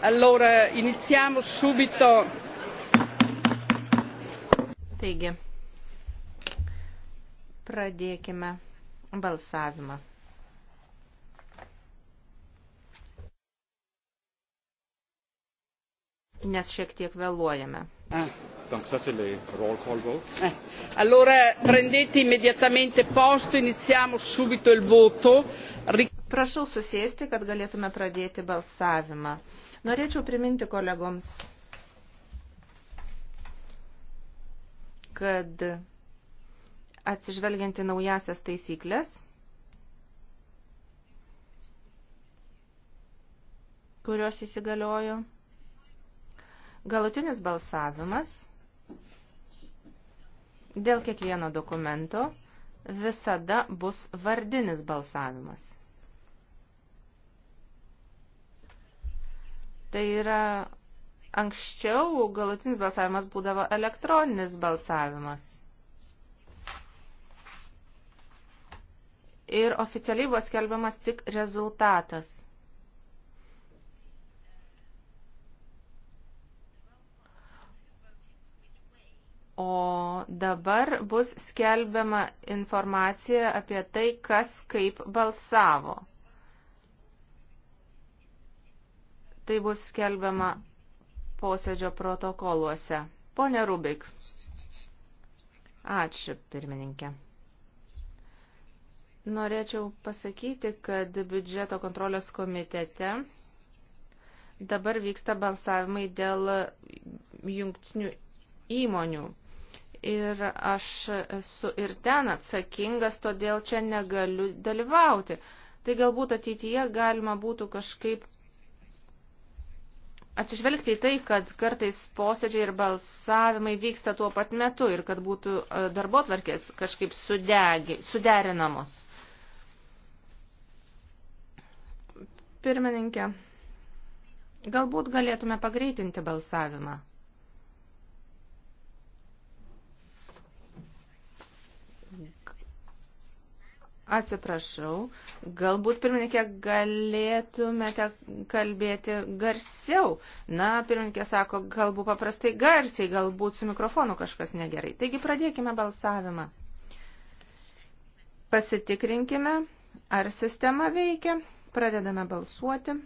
Allora, iniziamo subito. Taigi, pradėkime balsavimą. Nes šiek tiek vėluojame. Ah. Donc ça c'est les roll call votes. Eh. Allora prendete immediatamente posto, iniziamo subito il voto. Prašau susėsti, kad galėtume pradėti balsavimą. Norėčiau priminti kolegoms, kad atsižvelgianti naujasias taisyklės, kurios įsigaliojo, galutinis balsavimas – Dėl kiekvieno dokumento visada bus vardinis balsavimas. Tai yra anksčiau galutinis balsavimas būdavo elektroninis balsavimas. Ir oficialiai buvo skelbiamas tik rezultatas. O dabar bus skelbiama informacija apie tai, kas kaip balsavo. Tai bus skelbiama posėdžio protokoluose. Pone Rubik. Ačiū, pirmininkė. Norėčiau pasakyti, kad biudžeto kontrolės komitete dabar vyksta balsavimai dėl jungtinių įmonių ir aš esu ir ten atsakingas, todėl čia negaliu dalyvauti. Tai galbūt ateityje galima būtų kažkaip atsižvelgti į tai, kad kartais posėdžiai ir balsavimai vyksta tuo pat metu ir kad būtų e, darbo tvarkės kažkaip sudegi, suderinamos. Pirmininkė, galbūt galėtume pagreitinti balsavimą. Atsiprašau, galbūt pirmininkė galėtumėte kalbėti garsiau. Na, pirmininkė sako, galbūt paprastai garsiai, galbūt su mikrofonu kažkas negerai. Taigi pradėkime balsavimą. Pasitikrinkime, ar sistema veikia. Pradedame balsuoti.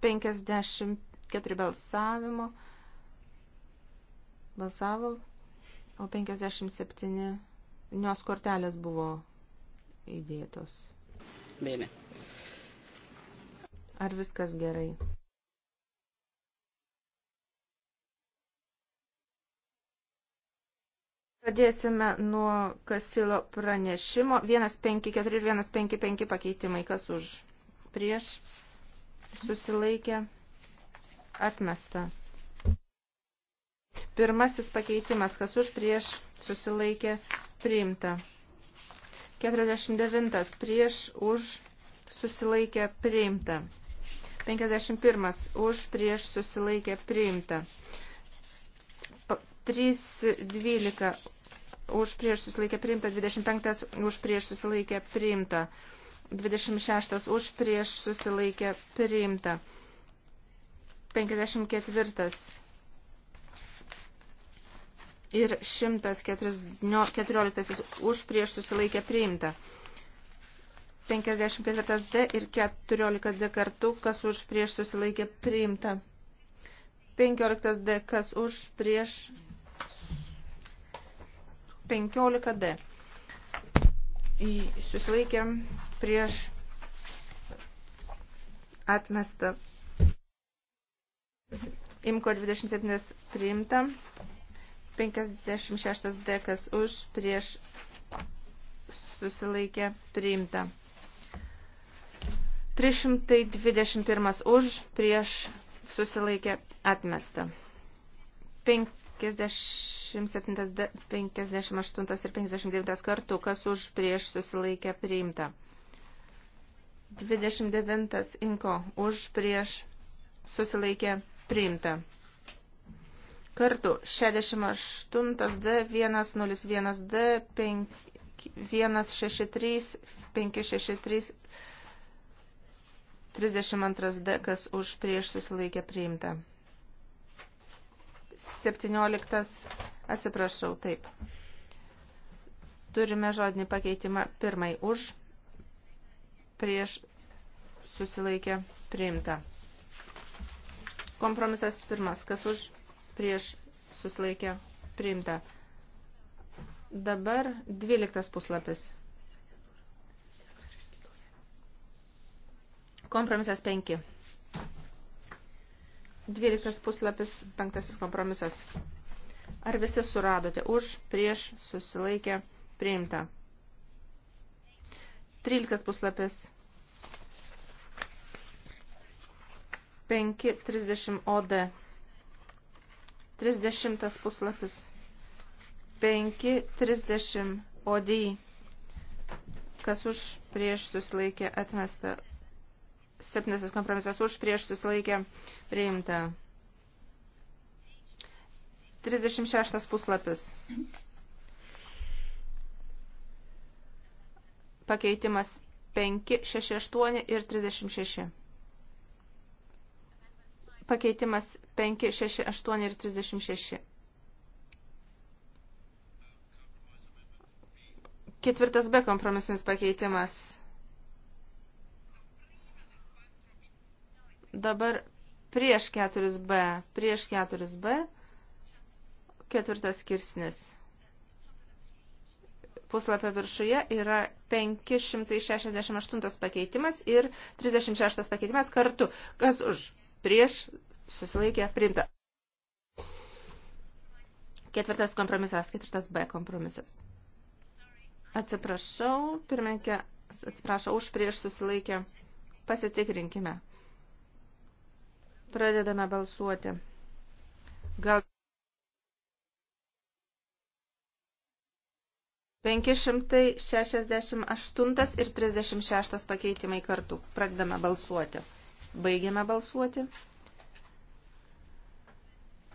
54 balsavimo balsavo, o 57 nios kortelės buvo įdėtos. Bene. Ar viskas gerai? Pradėsime nuo Kasilo pranešimo. 154 ir 155 pakeitimai. Kas už? Prieš? susilaikė, atmesta. Pirmasis pakeitimas, kas už prieš susilaikė, priimta. 49. Prieš už susilaikė, priimta. 51. Už prieš susilaikė, priimta. 3.12. Už prieš susilaikė, priimta. 25. Už prieš susilaikė, priimta. 26 už prieš susilaikė priimta. 54 ir 114 už prieš susilaikė priimta. 54D ir 14D kartu, kas už prieš susilaikė priimta. 15D, kas už prieš 15D susilaikė prieš atmestą. Imko 27 priimta. 56 dekas už prieš susilaikė priimta. 321 už prieš susilaikė atmestą. 5 57, 58 ir 59 kartų, kas už prieš susilaikę priimta. 29 inko už prieš susilaikė priimta. Kartu 68D101D163 563 32D, kas už prieš susilaikė priimta. 17, atsiprašau, taip. Turime žodinį pakeitimą pirmai už, prieš susilaikę priimta. Kompromisas pirmas, kas už, prieš susilaikę priimta. Dabar 12 puslapis. Kompromisas 5. 12 puslapis, 5 kompromisas. Ar visi suradote? Už, prieš, susilaikė, priimta. 13 puslapis. 5.30 OD. 30 puslapis. 5.30 OD. Kas už prieš susilaikė atmesta. Septintasis kompromisas už prieš susilaikė priimta. 36 puslapis. Pakeitimas 5, 6, 8 ir 36. Pakeitimas 5, 6, 8 ir 36. Ketvirtas B kompromisinis pakeitimas. Dabar prieš 4b, prieš 4b, ketvirtas skirsnis. Puslapio viršuje yra 568 pakeitimas ir 36 pakeitimas kartu. Kas už? Prieš susilaikė priimta. Ketvirtas kompromisas, ketvirtas B kompromisas. Atsiprašau, pirmininkė, atsiprašau, už prieš susilaikę. Pasitikrinkime. Pradedame balsuoti. Gal 568 ir 36 pakeitimai kartu. Pradedame balsuoti. Baigiame balsuoti.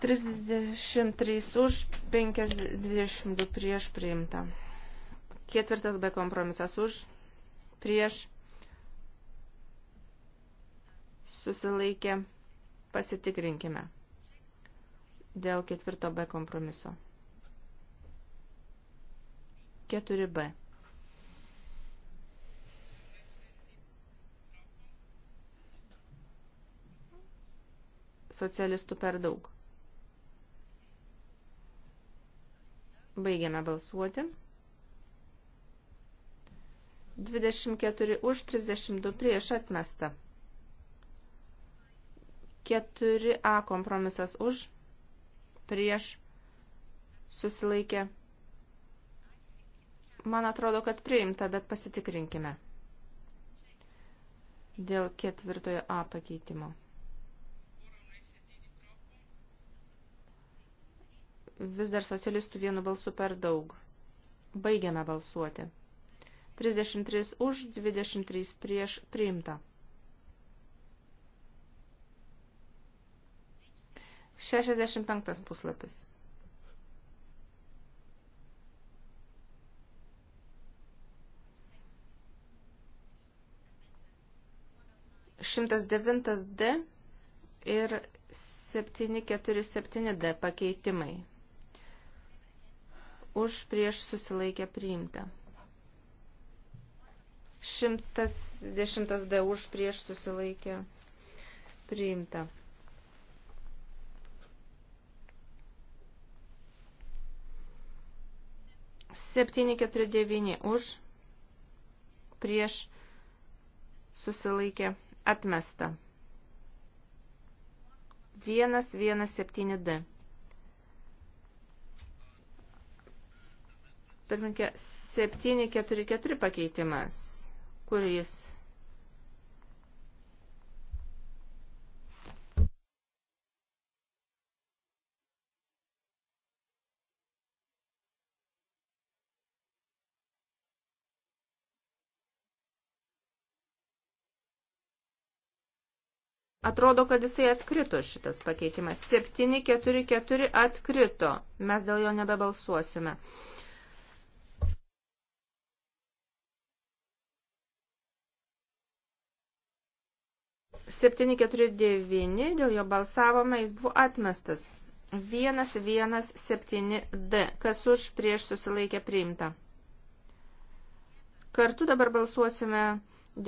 33 už, 52 prieš priimta. Ketvirtas B kompromisas už, prieš susilaikė Pasitikrinkime dėl ketvirto B kompromiso. 4B. Socialistų per daug. Baigiame balsuoti. 24 už 32 prieš atmestą. 4A kompromisas už, prieš, susilaikė. Man atrodo, kad priimta, bet pasitikrinkime. Dėl ketvirtojo A pakeitimo. Vis dar socialistų vienu balsu per daug. Baigiame balsuoti. 33 už, 23 prieš priimta. 65 puslapis. Šimtas devintas D ir 747 D pakeitimai. Už prieš susilaikę priimta. 110 D už prieš susilaikę priimta. 749 už, prieš, susilaikė, atmesta. 117D. Pirminkė, 744 pakeitimas, kuris Atrodo, kad jisai atkrito šitas pakeitimas. 744 atkrito. Mes dėl jo nebebalsuosime. Septyni keturi devyni, dėl jo balsavome, jis buvo atmestas. Vienas vienas septyni D, kas už prieš susilaikė priimta. Kartu dabar balsuosime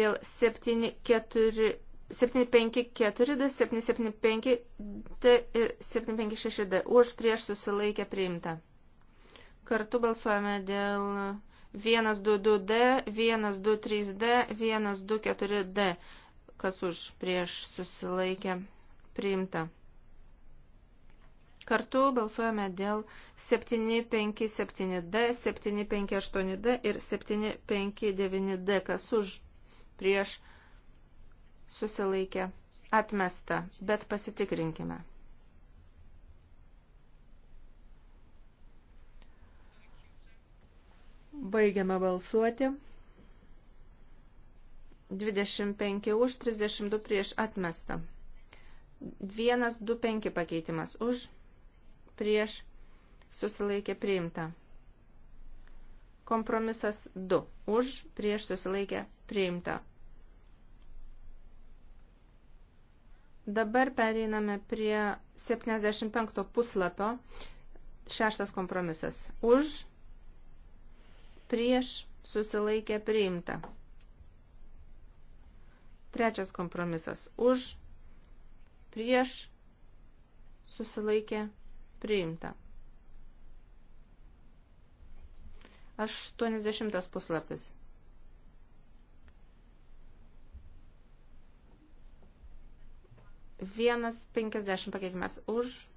dėl septyni keturi 4 754D, 775D ir 756D. Už prieš susilaikę priimta. Kartu balsuojame dėl 122D, 123D, 124D. Kas už prieš susilaikę priimta. Kartu balsuojame dėl 757D, 758D ir 759D. Kas už prieš susilaikę priimta susilaikė, atmesta, bet pasitikrinkime. Baigiame balsuoti. 25 už, 32 prieš atmestą. 1, 2, 5 pakeitimas už, prieš susilaikė priimta. Kompromisas 2. Už, prieš susilaikė priimta. Dabar pereiname prie 75 puslapio, šeštas kompromisas. Už, prieš, susilaikė priimta. Trečias kompromisas. Už, prieš, susilaikė priimta. 80 puslapis. 1.50 pakeitimas už.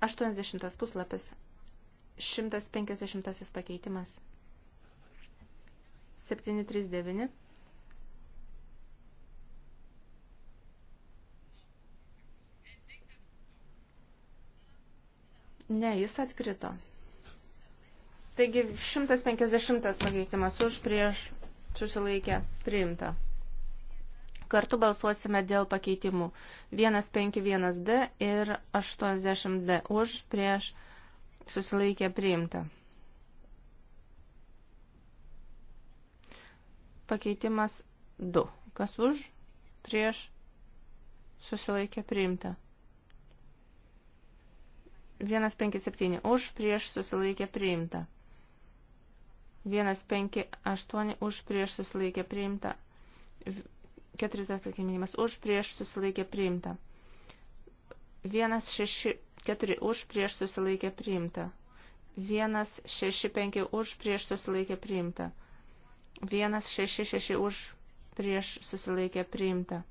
Aštuonisdešimtas puslapis, šimtas penkisdešimtasis pakeitimas, septyni trys devini. Ne, jis atkrito. Taigi 150 pakeitimas už prieš susilaikę priimta. Kartu balsuosime dėl pakeitimų 151D ir 80D už prieš susilaikę priimta. Pakeitimas 2. Kas už prieš susilaikę priimta. 157 už prieš susilaikę priimta. 158 už prieš susilaikė priimta. 40 pakeitimas už prieš susilaikė priimta. 164 už prieš susilaikė priimta. 165 už prieš susilaikė priimta. 166 už prieš susilaikė priimta.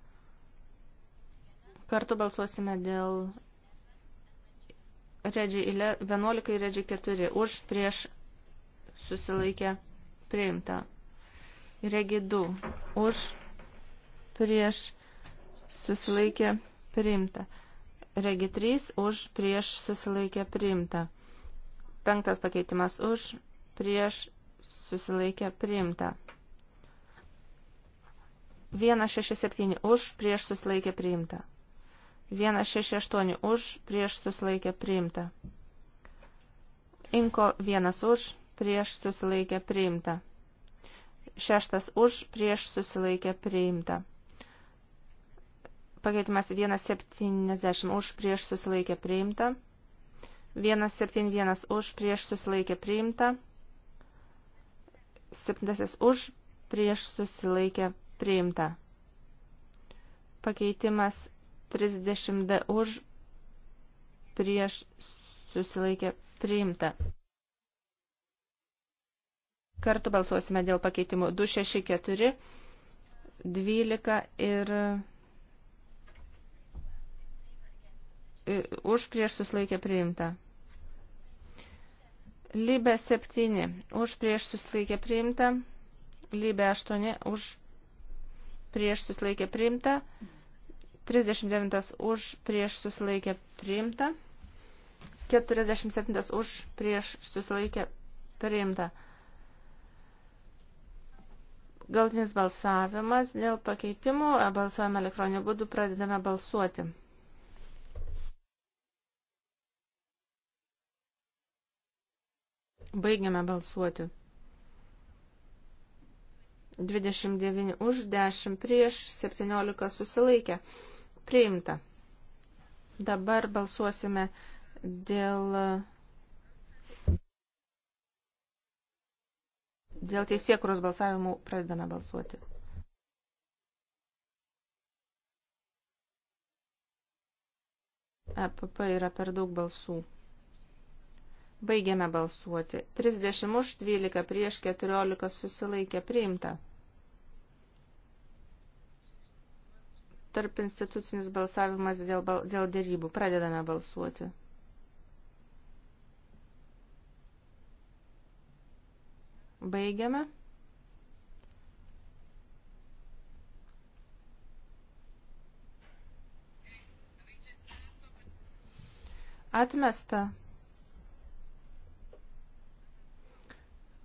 Kartu balsuosime dėl redžiai 11 ir redžiai 4 už prieš susilaikė priimta. Regi 2 už prieš susilaikė priimta. Regi 3 už prieš susilaikė priimta. Penktas pakeitimas už prieš susilaikė priimta. 167 už prieš susilaikė priimta. 168 už prieš susilaikė priimta. Inko 1 už prieš susilaikę priimta. Šeštas už, prieš susilaikę priimta. Pakeitimas 170 už, prieš susilaikę priimta. 171 už, prieš susilaikę priimta. Septintasis už, prieš susilaikę priimta. Pakeitimas 30D už, prieš susilaikę priimta. Kartu balsuosime dėl pakeitimų 264, 12 ir e, už prieš susilaikė priimta. Libė 7 už prieš susilaikė priimta. Libė 8 už prieš susilaikė priimta. 39 už prieš susilaikė priimta. 47 už prieš susilaikė priimta. Galtinis balsavimas dėl pakeitimų. Balsuojame elektroniniu būdu, pradedame balsuoti. Baigiame balsuoti. 29 už, 10 prieš, 17 susilaikė. Priimta. Dabar balsuosime dėl Dėl teisėkuros balsavimų pradedame balsuoti. EPP yra per daug balsų. Baigiame balsuoti. 30 už 12 prieš 14 susilaikė priimta. Tarp institucinis balsavimas dėl, dėl dėrybų. Pradedame balsuoti. Baigiame. Atmesta.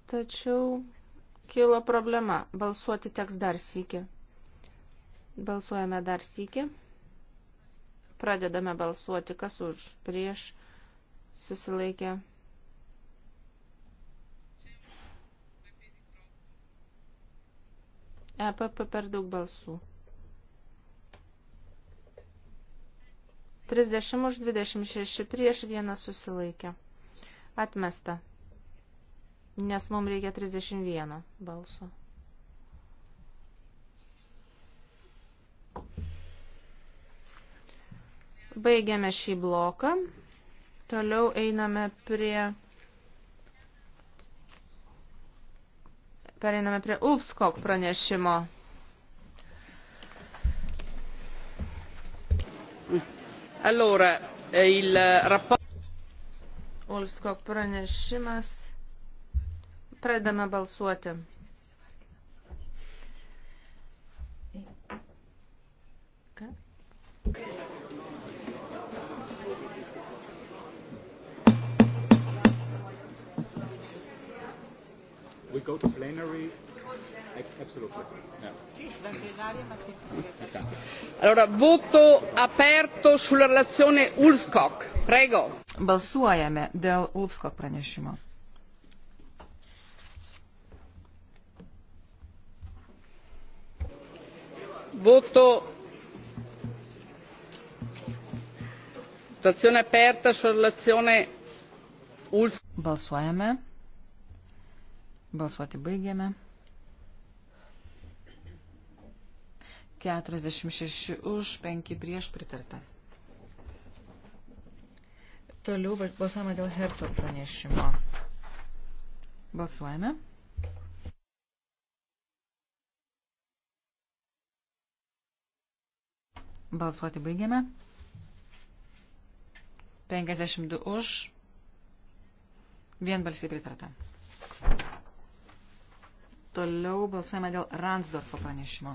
Tačiau kilo problema. Balsuoti teks dar sykį. Balsuojame dar sykį. Pradedame balsuoti, kas už, prieš, susilaikė. EPP per daug balsų. 30 už 26 prieš vieną susilaikę. Atmesta. Nes mums reikia 31 balso. Baigiame šį bloką. Toliau einame prie Pereiname prie Ulfskog pranešimo. Allora, eh, il rapporto... Ulfskog pranešimas. Pradame balsuoti. we go to plenary. Absolutely. Yeah. Allora, voto aperto sulla relazione Ulfskog. Prego. Balsuojame dėl Ulfskog pranešimo. Voto. Votazione aperta sulla relazione Ulfskog. Balsuojame. Balsuoti baigėme. 46 už, 5 prieš pritarta. Toliau balsuojame dėl Hercog pranešimo. Balsuojame. Balsuoti baigiame. 52 už. Vienbalsiai pritarta. Toliau balsuojame dėl Ransdorfo pranešimo.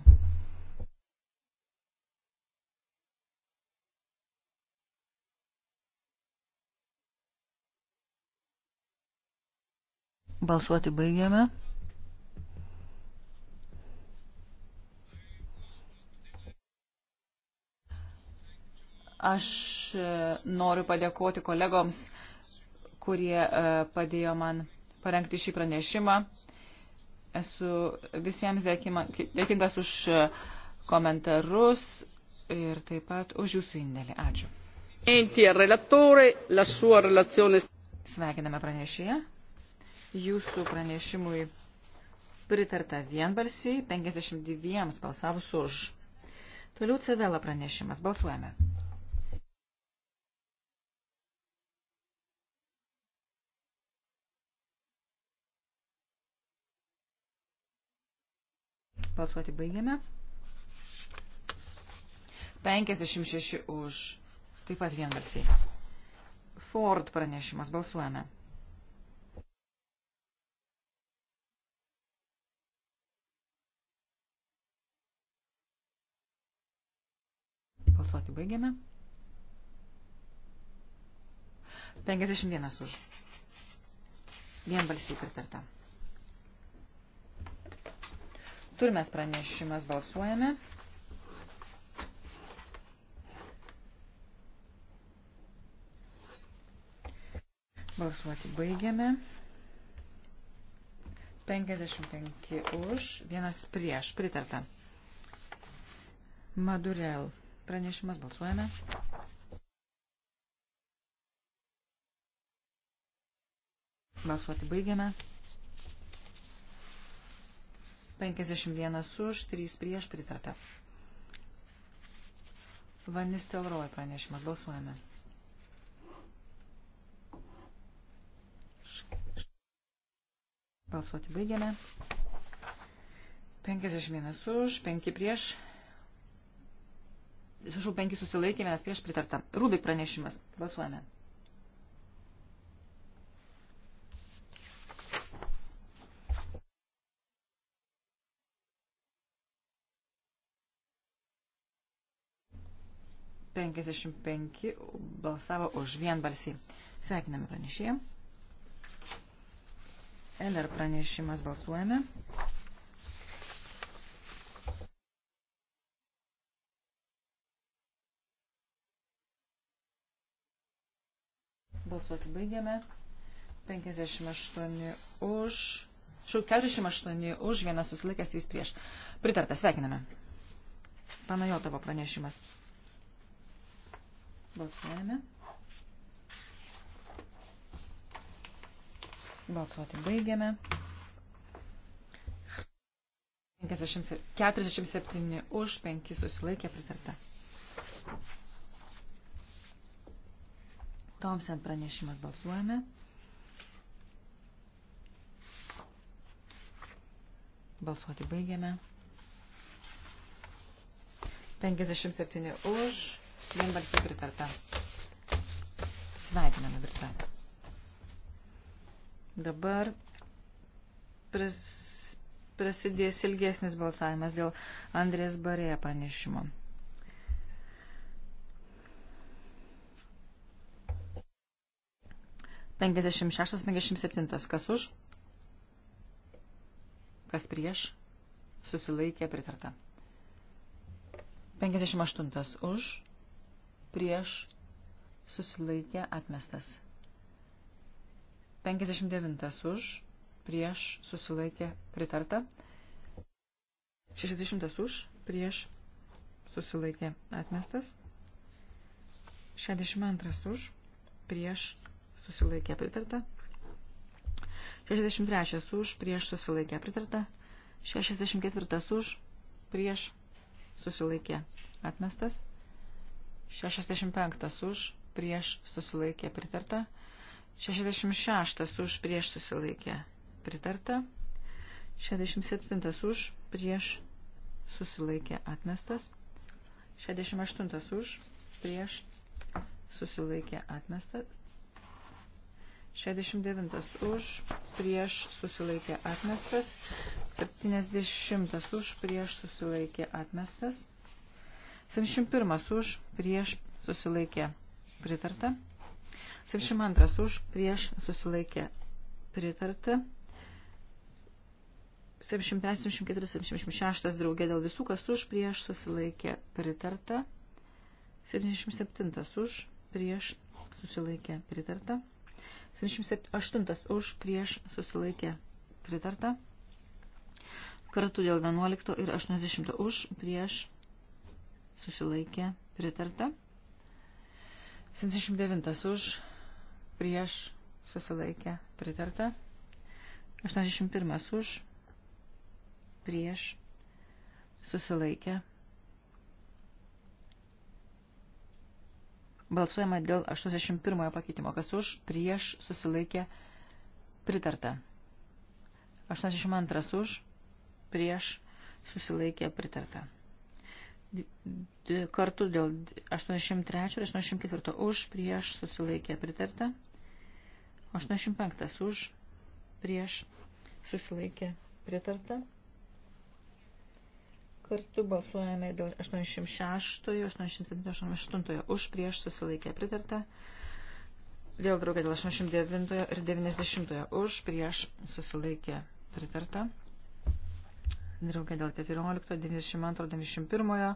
Balsuoti baigiame. Aš e, noriu padėkoti kolegoms, kurie e, padėjo man parengti šį pranešimą. Esu visiems dėkingas už komentarus ir taip pat už jūsų indėlį. Ačiū. Sveikiname pranešėją. Jūsų pranešimui pritarta vienbalsiai, 52 balsavus už. Toliau Cevela pranešimas. Balsuojame. Balsuoti baigiame. 56 už. Taip pat vienbalsiai. Ford pranešimas. Balsuojame. Balsuoti baigiame. 51 už. Vienbalsiai pritarta. Turime pranešimas, balsuojame. Balsuoti baigiame. 55 už, vienas prieš, pritarta. Madurel. Pranešimas, balsuojame. Balsuoti baigiame. 51 už, 3 prieš pritarta. Vanis Teuroj pranešimas. Balsuojame. Balsuoti baigiame. 51 už, 5 prieš. Sušau, 5 susilaikėme, nes prieš pritarta. Rubik pranešimas. Balsuojame. 55 balsavo už vienbalsį. Sveikiname pranešėją. LR pranešimas balsuojame. Balsuoti baigiame. 58 už. 48 už, vienas susilaikęs, trys prieš. Pritarta, sveikiname. Panajotavo pranešimas. Balsuojame. Balsuoti baigiame. 47 už, 5 susilaikė pritarta. Tomsen pranešimas balsuojame. Balsuoti baigiame. 57 už, vienbalsiai pritarta. Sveikiname Britą. Dabar pris, prasidės ilgesnis balsavimas dėl Andrės Barėje pranešimo. Penkiasdešimt šeštas, penkiasdešimt septintas. Kas už? Kas prieš? Susilaikė pritarta. Penkiasdešimt aštuntas. Už? prieš susilaikė atmestas. 59 už, prieš susilaikė pritarta. 60 už, prieš susilaikė atmestas. 62 už, prieš susilaikė pritarta. 63 už, prieš susilaikė pritarta. 64 už, prieš susilaikė atmestas. 65 už, prieš susilaikė pritarta. 66 už, prieš susilaikė pritarta. 67 už, prieš susilaikė atmestas. 68 už, prieš susilaikė atmestas. 69 už, prieš susilaikė atmestas. 70 už, prieš susilaikė atmestas. 71 už, prieš susilaikė pritarta. 72 už, prieš susilaikė pritarta. 75, 74, 76 draugė dėl visų, kas už, prieš susilaikė pritarta. 77 už, prieš susilaikė pritarta. 78 už, prieš susilaikė pritarta. Kartu dėl 11 ir 80 už, prieš susilaikė, pritarta. 79 už, prieš, susilaikė, pritarta. 81 už, prieš, susilaikė. Balsuojama dėl 81 pakeitimo, kas už, prieš, susilaikė, pritarta. 82 už, prieš, susilaikė, pritarta kartu dėl 83 ir 84 už prieš susilaikė pritarta, 85 už prieš susilaikė pritarta. Kartu balsuojame dėl 86, 87, 88 už prieš susilaikė pritarta. Dėl draugė dėl 89 ir 90 už prieš susilaikė pritarta draugė dėl 14, 92, 91,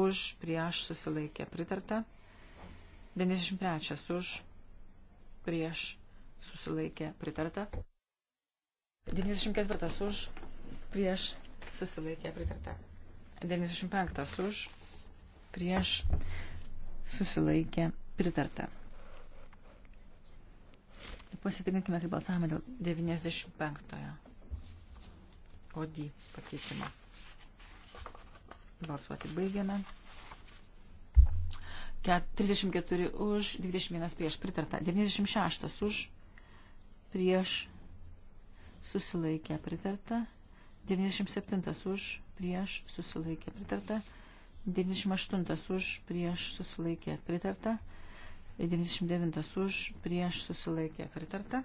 už, prieš, susilaikė, pritarta. 93, už, prieš, susilaikė, pritarta. 94, už, prieš, susilaikė, pritarta. 95, už, prieš, susilaikė, pritarta. Pasitikrinkime, kaip balsavome dėl 95. -ojo. OD pakeitimą. Balsuoti baigiame. 34 už, 21 prieš pritarta, 96 už, prieš susilaikė pritarta, 97 už, prieš susilaikė pritarta, 98 už, prieš susilaikė pritarta, 99 už, prieš susilaikė pritarta.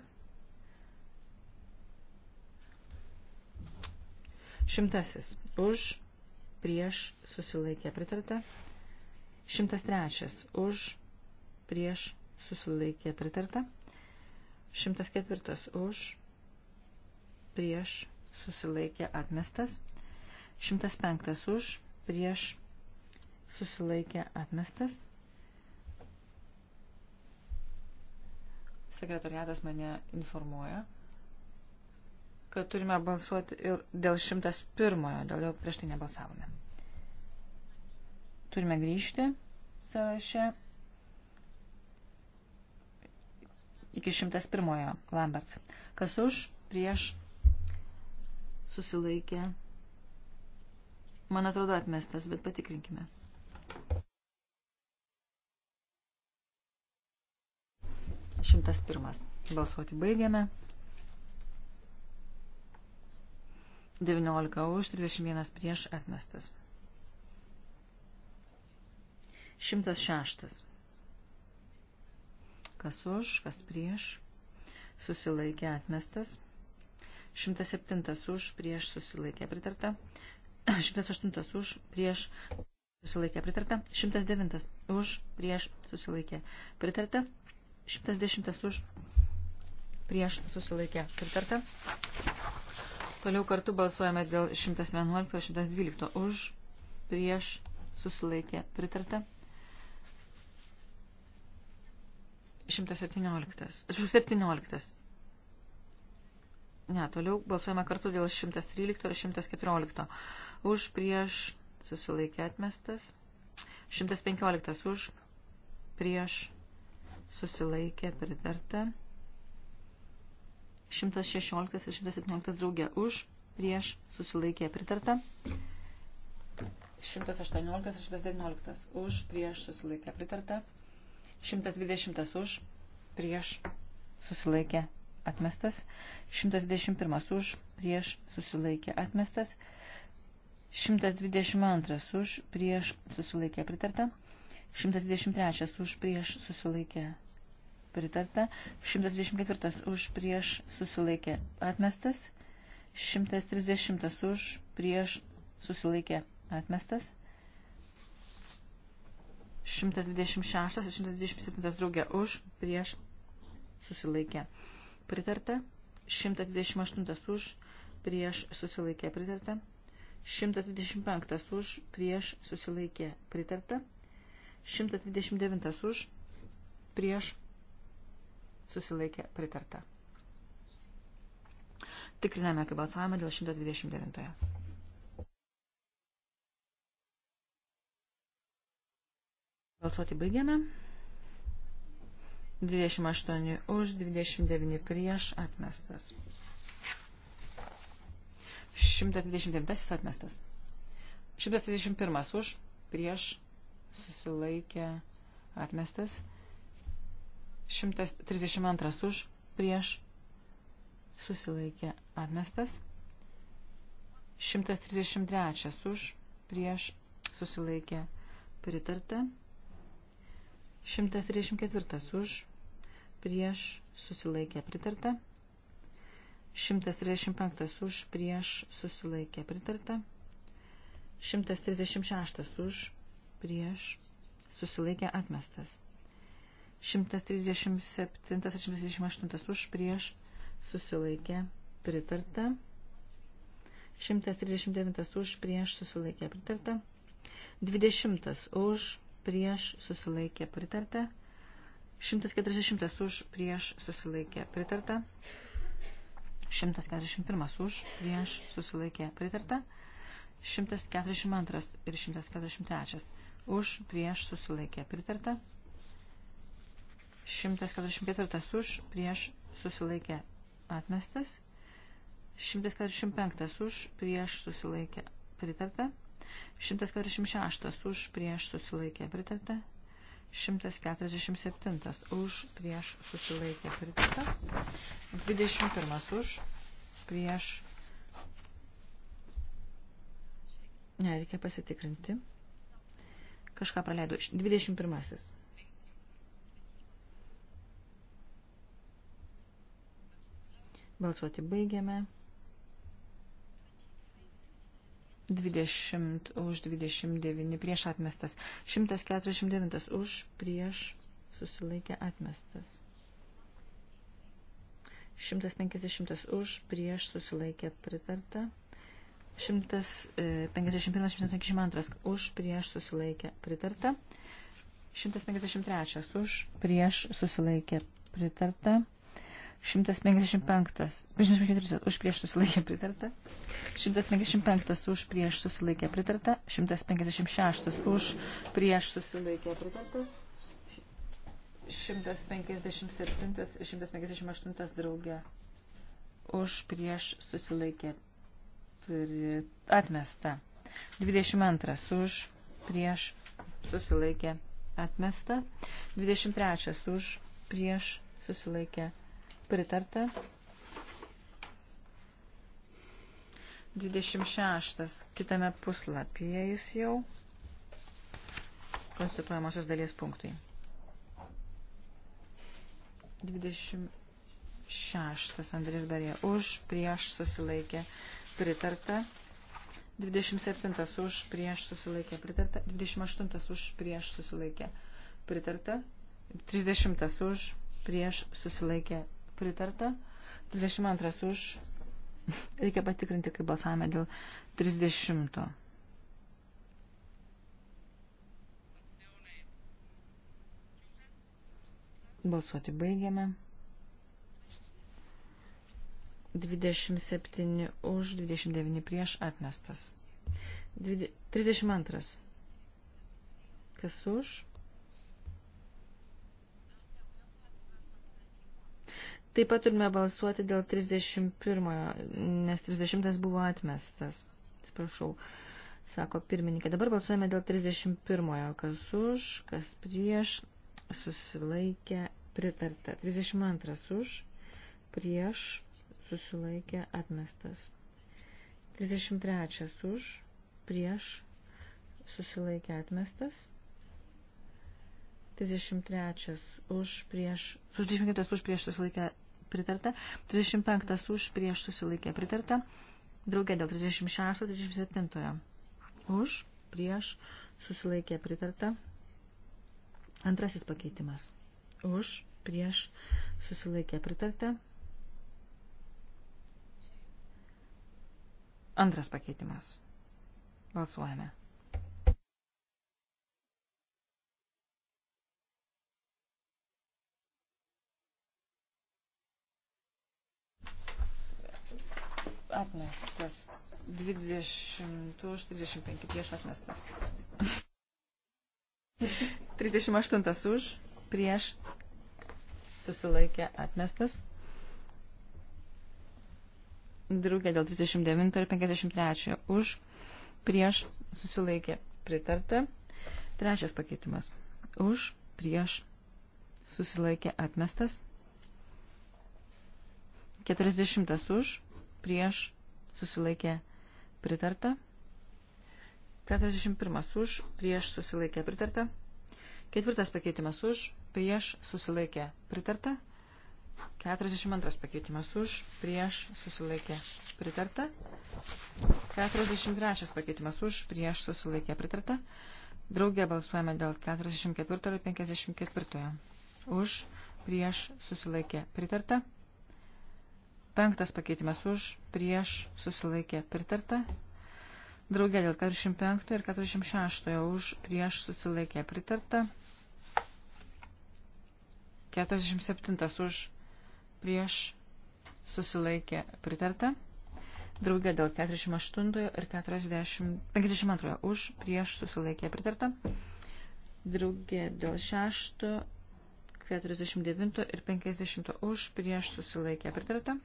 Šimtasis. Už, prieš, susilaikė pritarta. Šimtas trečias. Už, prieš, susilaikė pritarta. Šimtas ketvirtas. Už, prieš, susilaikė atmestas. Šimtas penktas. Už, prieš, susilaikė atmestas. Sekretariatas mane informuoja, kad turime balsuoti ir dėl 101, dėl jo prieš tai nebalsavome. Turime grįžti sąraše iki 101 Lamberts. Kas už, prieš, susilaikė. Man atrodo atmestas, bet patikrinkime. Šimtas pirmas. Balsuoti baigiame. 19 už, 31 prieš atmestas. 106. Kas už, kas prieš, susilaikė atmestas. 107 už, prieš susilaikė pritarta. 108 už, prieš susilaikė pritarta. 109 už, prieš susilaikė pritarta. 110 už, prieš susilaikė pritarta. Toliau kartu balsuojame dėl 111-112. Už, prieš, susilaikė. Pritarta. 117. 17. Ne, toliau balsuojame kartu dėl 113 ir 114. Už, prieš, susilaikė atmestas. 115 už, prieš, susilaikė pritarta. 116 ir 117 draugė už, prieš susilaikė pritarta. 118 ir 119 už, prieš susilaikė pritarta. 120 už, prieš susilaikė atmestas. 121 už, prieš susilaikė atmestas. 122 už, prieš susilaikė pritarta. 123 už, prieš susilaikė pritarta, 124 už prieš susilaikė atmestas, 130 už prieš susilaikė atmestas, 126 ir 127 draugė už prieš susilaikė pritarta, 128 už prieš susilaikė pritarta, 125 už prieš susilaikė pritarta, 129 už prieš susilaikė pritarta. Tikriname, kaip balsavome dėl 129. Balsuoti baigiame. 28 už, 29 prieš atmestas. 129 atmestas. 121 už, prieš susilaikė atmestas. 132 už, prieš, susilaikė atmestas. 133 už, prieš, susilaikė pritarta. 134 už, prieš, susilaikė pritarta. 135 už, prieš, susilaikė pritarta. 136 už, prieš, susilaikė atmestas. 137 ir 138 už prieš susilaikė pritarta. 139 už prieš susilaikė pritarta. 20 už prieš susilaikė pritarta. 140 už prieš susilaikė pritarta. 141 už prieš susilaikė pritarta. 142 ir 143 už prieš susilaikė pritarta. 144 už, prieš susilaikė atmestas. 145 už, prieš susilaikė pritarta. 146 už, prieš susilaikė pritarta. 147 už, prieš susilaikė pritarta. 21 už, prieš. Ne, reikia pasitikrinti. Kažką praleidau. 21. Balsuoti baigiame. 20 už 29 prieš atmestas. 149 už prieš susilaikė atmestas. 150 už prieš susilaikė pritarta. 151-152 e, už prieš susilaikė pritarta. 153 už prieš susilaikė pritarta. 155. 54 už prieš susilaikė pritarta. 155 už prieš susilaikė pritarta. 156 už prieš susilaikė pritarta. 157, 158 draugė už prieš susilaikė atmesta. 22 už prieš susilaikė atmesta. 23 už prieš susilaikė atmesta Pritarta. 26. Kitame puslapyje jis jau. Konstituojamosios dalies punktui. 26. Andrės Barė. Už, prieš susilaikė. Pritarta. 27. Už, prieš susilaikė. Pritarta. 28. Už, prieš susilaikė. Pritarta. 30. Už, prieš susilaikė pritarta. 32 už. Reikia patikrinti, kaip balsavome dėl 30. Balsuoti baigiame. 27 už, 29 prieš atmestas. 32. Kas už? Taip pat turime balsuoti dėl 31, nes 30 buvo atmestas. Atsiprašau, sako pirmininkė. Dabar balsuojame dėl 31, kas už, kas prieš, susilaikė, pritarta. 32 už, prieš, susilaikė, atmestas. 33 už, prieš, susilaikė atmestas. 33 už prieš, už 24 už prieš susilaikė pritarta, 35 už prieš susilaikė pritarta, draugė dėl 36, 37 už prieš susilaikė pritarta, antrasis pakeitimas už prieš susilaikė pritarta, antras pakeitimas. Balsuojame. atmestas. 20 už 35 prieš atmestas. 38 už prieš susilaikė atmestas. Draugė dėl 39 ir 53 už prieš susilaikė pritarta. Trečias pakeitimas. Už prieš susilaikė atmestas. 40 už prieš susilaikė pritarta. 41 už, prieš susilaikė pritarta. Ketvirtas pakeitimas už, prieš susilaikė pritarta. 42 pakeitimas už, prieš susilaikė pritarta. 43 pakeitimas už, prieš susilaikė pritarta. Draugė balsuojame dėl 44 ir 54. Už, prieš susilaikė pritarta. Penktas pakeitimas už, prieš, susilaikė, pritarta. Draugė dėl 45 ir 46 už, prieš, susilaikė, pritarta. 47 už, prieš, susilaikė, pritarta. Draugė dėl 48 ir 40, 52 už, prieš, susilaikė, pritarta. Draugė dėl 6 49 ir 50 už prieš susilaikę pritarta.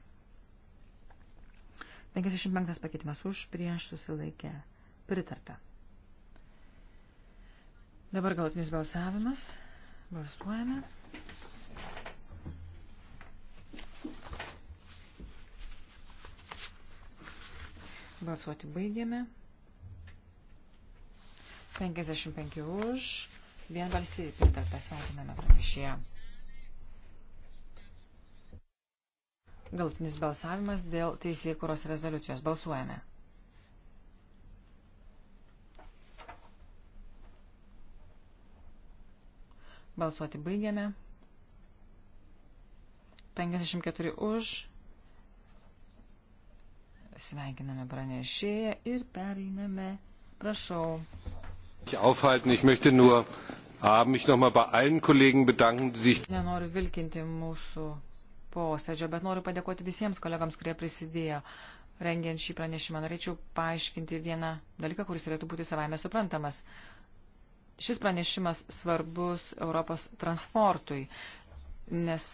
55 pakeitimas už, prieš susilaikė. Pritarta. Dabar galutinis balsavimas. Balsuojame. Balsuoti baigėme. 55 už. Vienbalsiai pritarta sveikiname pranešėją. Galutinis balsavimas dėl teisėkuros rezoliucijos. Balsuojame. Balsuoti baigiame. 54 už. Sveikiname pranešėją ir pereiname. Prašau. Aufhalten. Ich möchte nur mich nochmal bei allen Kollegen bedanken, die sich. Nenoriu vilkinti mūsų posėdžio, bet noriu padėkoti visiems kolegams, kurie prisidėjo rengiant šį pranešimą. Norėčiau paaiškinti vieną dalyką, kuris turėtų būti savaime suprantamas. Šis pranešimas svarbus Europos transportui, nes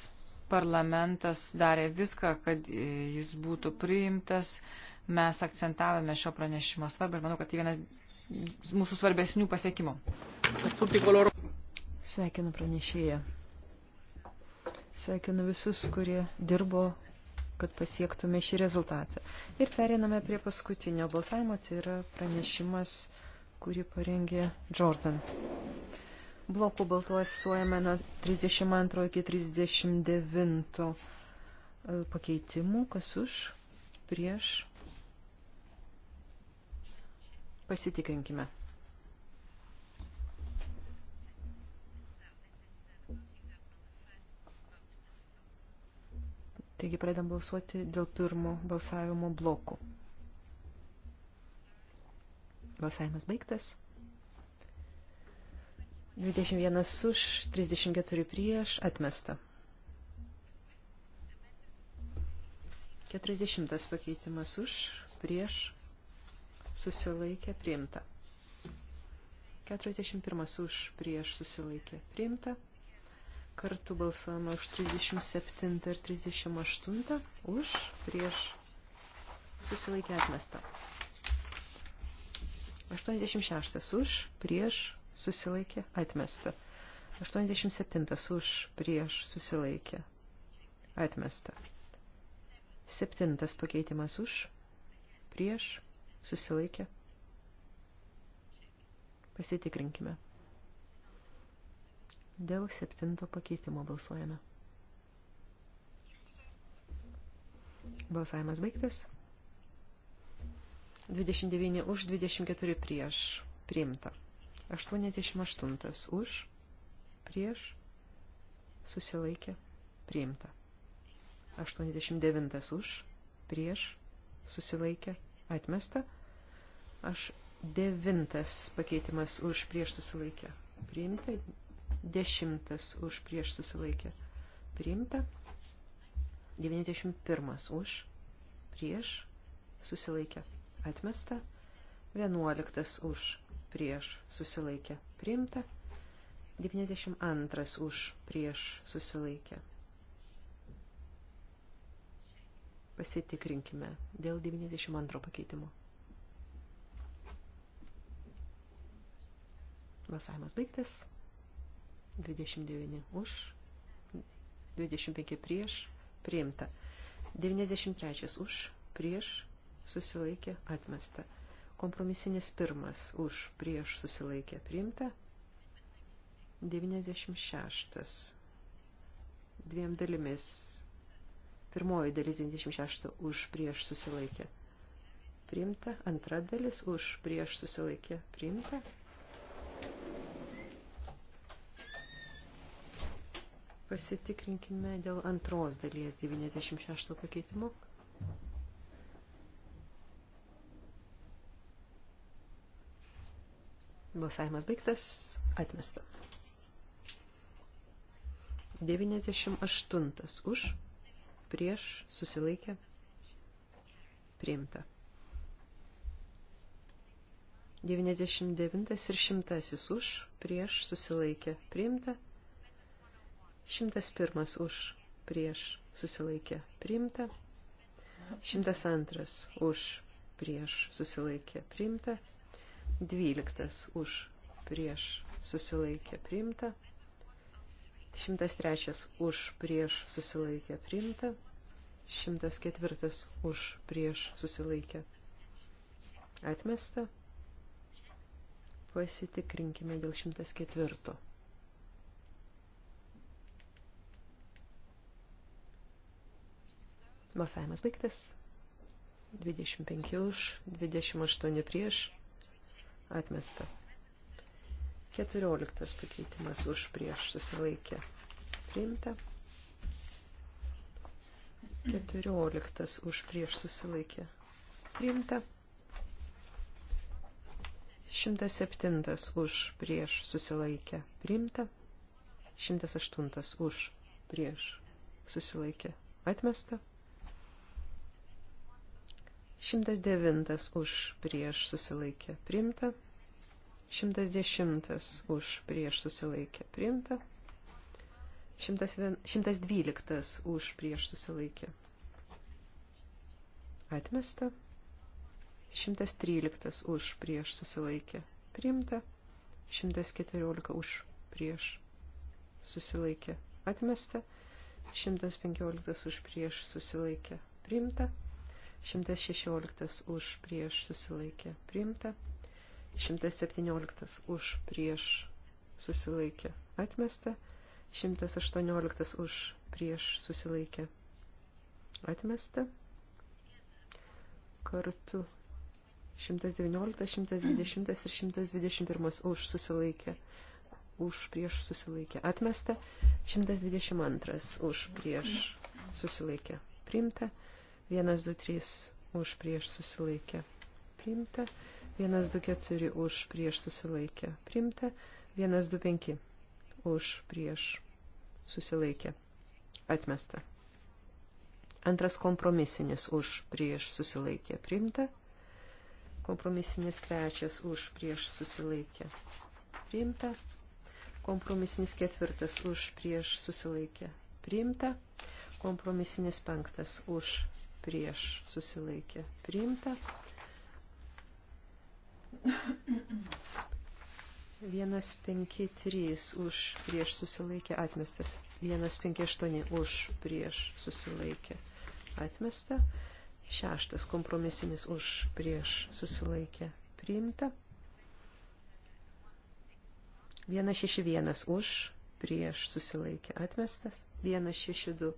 parlamentas darė viską, kad jis būtų priimtas. Mes akcentavome šio pranešimo svarbą ir manau, kad tai vienas mūsų svarbesnių pasiekimų. Sveikinu pranešėją. Sveikinu visus, kurie dirbo, kad pasiektume šį rezultatą. Ir periname prie paskutinio balsavimo, tai yra pranešimas, kurį parengė Jordan. Blokų baltuosuojame nuo 32 iki 39 e, pakeitimų, kas už, prieš. Pasitikrinkime. Taigi pradam balsuoti dėl pirmo balsavimo blokų. Balsavimas baigtas. 21 už, 34 prieš, atmesta. 40 pakeitimas už, prieš, susilaikė, priimta. 41 už, prieš, susilaikė, priimta. Kartu balsuojame už 37 ir 38, už, prieš, susilaikė atmesta. 86 už, prieš, susilaikė atmesta. 87 už, prieš, susilaikė atmesta. Septintas pakeitimas už, prieš, susilaikė. Pasitikrinkime. Dėl septinto pakeitimo balsuojame. Balsavimas baigtas. 29 už, 24 prieš. Priimta. 88 už, prieš. Susilaikė. Priimta. 89 už, prieš. Susilaikė. Atmesta. Aš devintas pakeitimas už prieš susilaikę. Priimta Dešimtas už prieš susilaikė priimta. 91 už prieš susilaikė atmesta. 11 už prieš susilaikė priimta. 92 už prieš susilaikė. Pasitikrinkime dėl 92 pakeitimo. Balsavimas baigtas. 29 už, 25 prieš, priimta. 93 už, prieš, susilaikė, atmesta. Kompromisinis pirmas už, prieš, susilaikė, priimta. 96 dviem dalimis. Pirmoji dalis 96 už, prieš, susilaikė, priimta. Antra dalis už, prieš, susilaikė, priimta. Pasitikrinkime dėl antros dalies 96 pakeitimo. Balsavimas baigtas, atmesta. 98 už, prieš, susilaikė, priimta. 99 ir 100 už, prieš, susilaikė, priimta. 101 už prieš susilaikė priimta. 102 už prieš susilaikė priimta. 12 už prieš susilaikė priimta. 103 už prieš susilaikė priimta. 104 už prieš susilaikė atmesta. Pasitikrinkime dėl 104. Balsavimas baigtas. 25 už, 28 prieš, atmesta. 14 pakeitimas už prieš susilaikė. Priimta. 14 už prieš susilaikė. Priimta. 107 už prieš susilaikė. Priimta. 108 už prieš susilaikė. Atmesta. 109 už prieš susilaikė priimta. 110 už prieš susilaikė priimta. 112 už prieš susilaikė atmesta. 113 už prieš susilaikė priimta. 114 už prieš susilaikė atmesta. 115 už prieš susilaikė priimta. 116 už prieš susilaikė priimta. 117 už prieš susilaikė atmesta. 118 už prieš susilaikė atmesta. Kartu 119, 120 ir 121 už susilaikė už prieš susilaikė atmesta. 122 už prieš susilaikė priimta. 1, 2, 3 už prieš susilaikę priimta, 1, 2, 4 už prieš susilaikę priimta, 1, 2, 5 už prieš susilaikę atmesta. Antras kompromisinis už prieš susilaikę priimta, kompromisinis trečias už prieš susilaikę priimta, kompromisinis ketvirtas už prieš susilaikę priimta, kompromisinis penktas už prieš susilaikė priimta. Vienas penki trys už prieš susilaikė atmestas. Vienas penki aštuoni už prieš susilaikė atmesta. Šeštas kompromisinis už prieš susilaikė priimta. 161 už prieš susilaikė atmestas. 162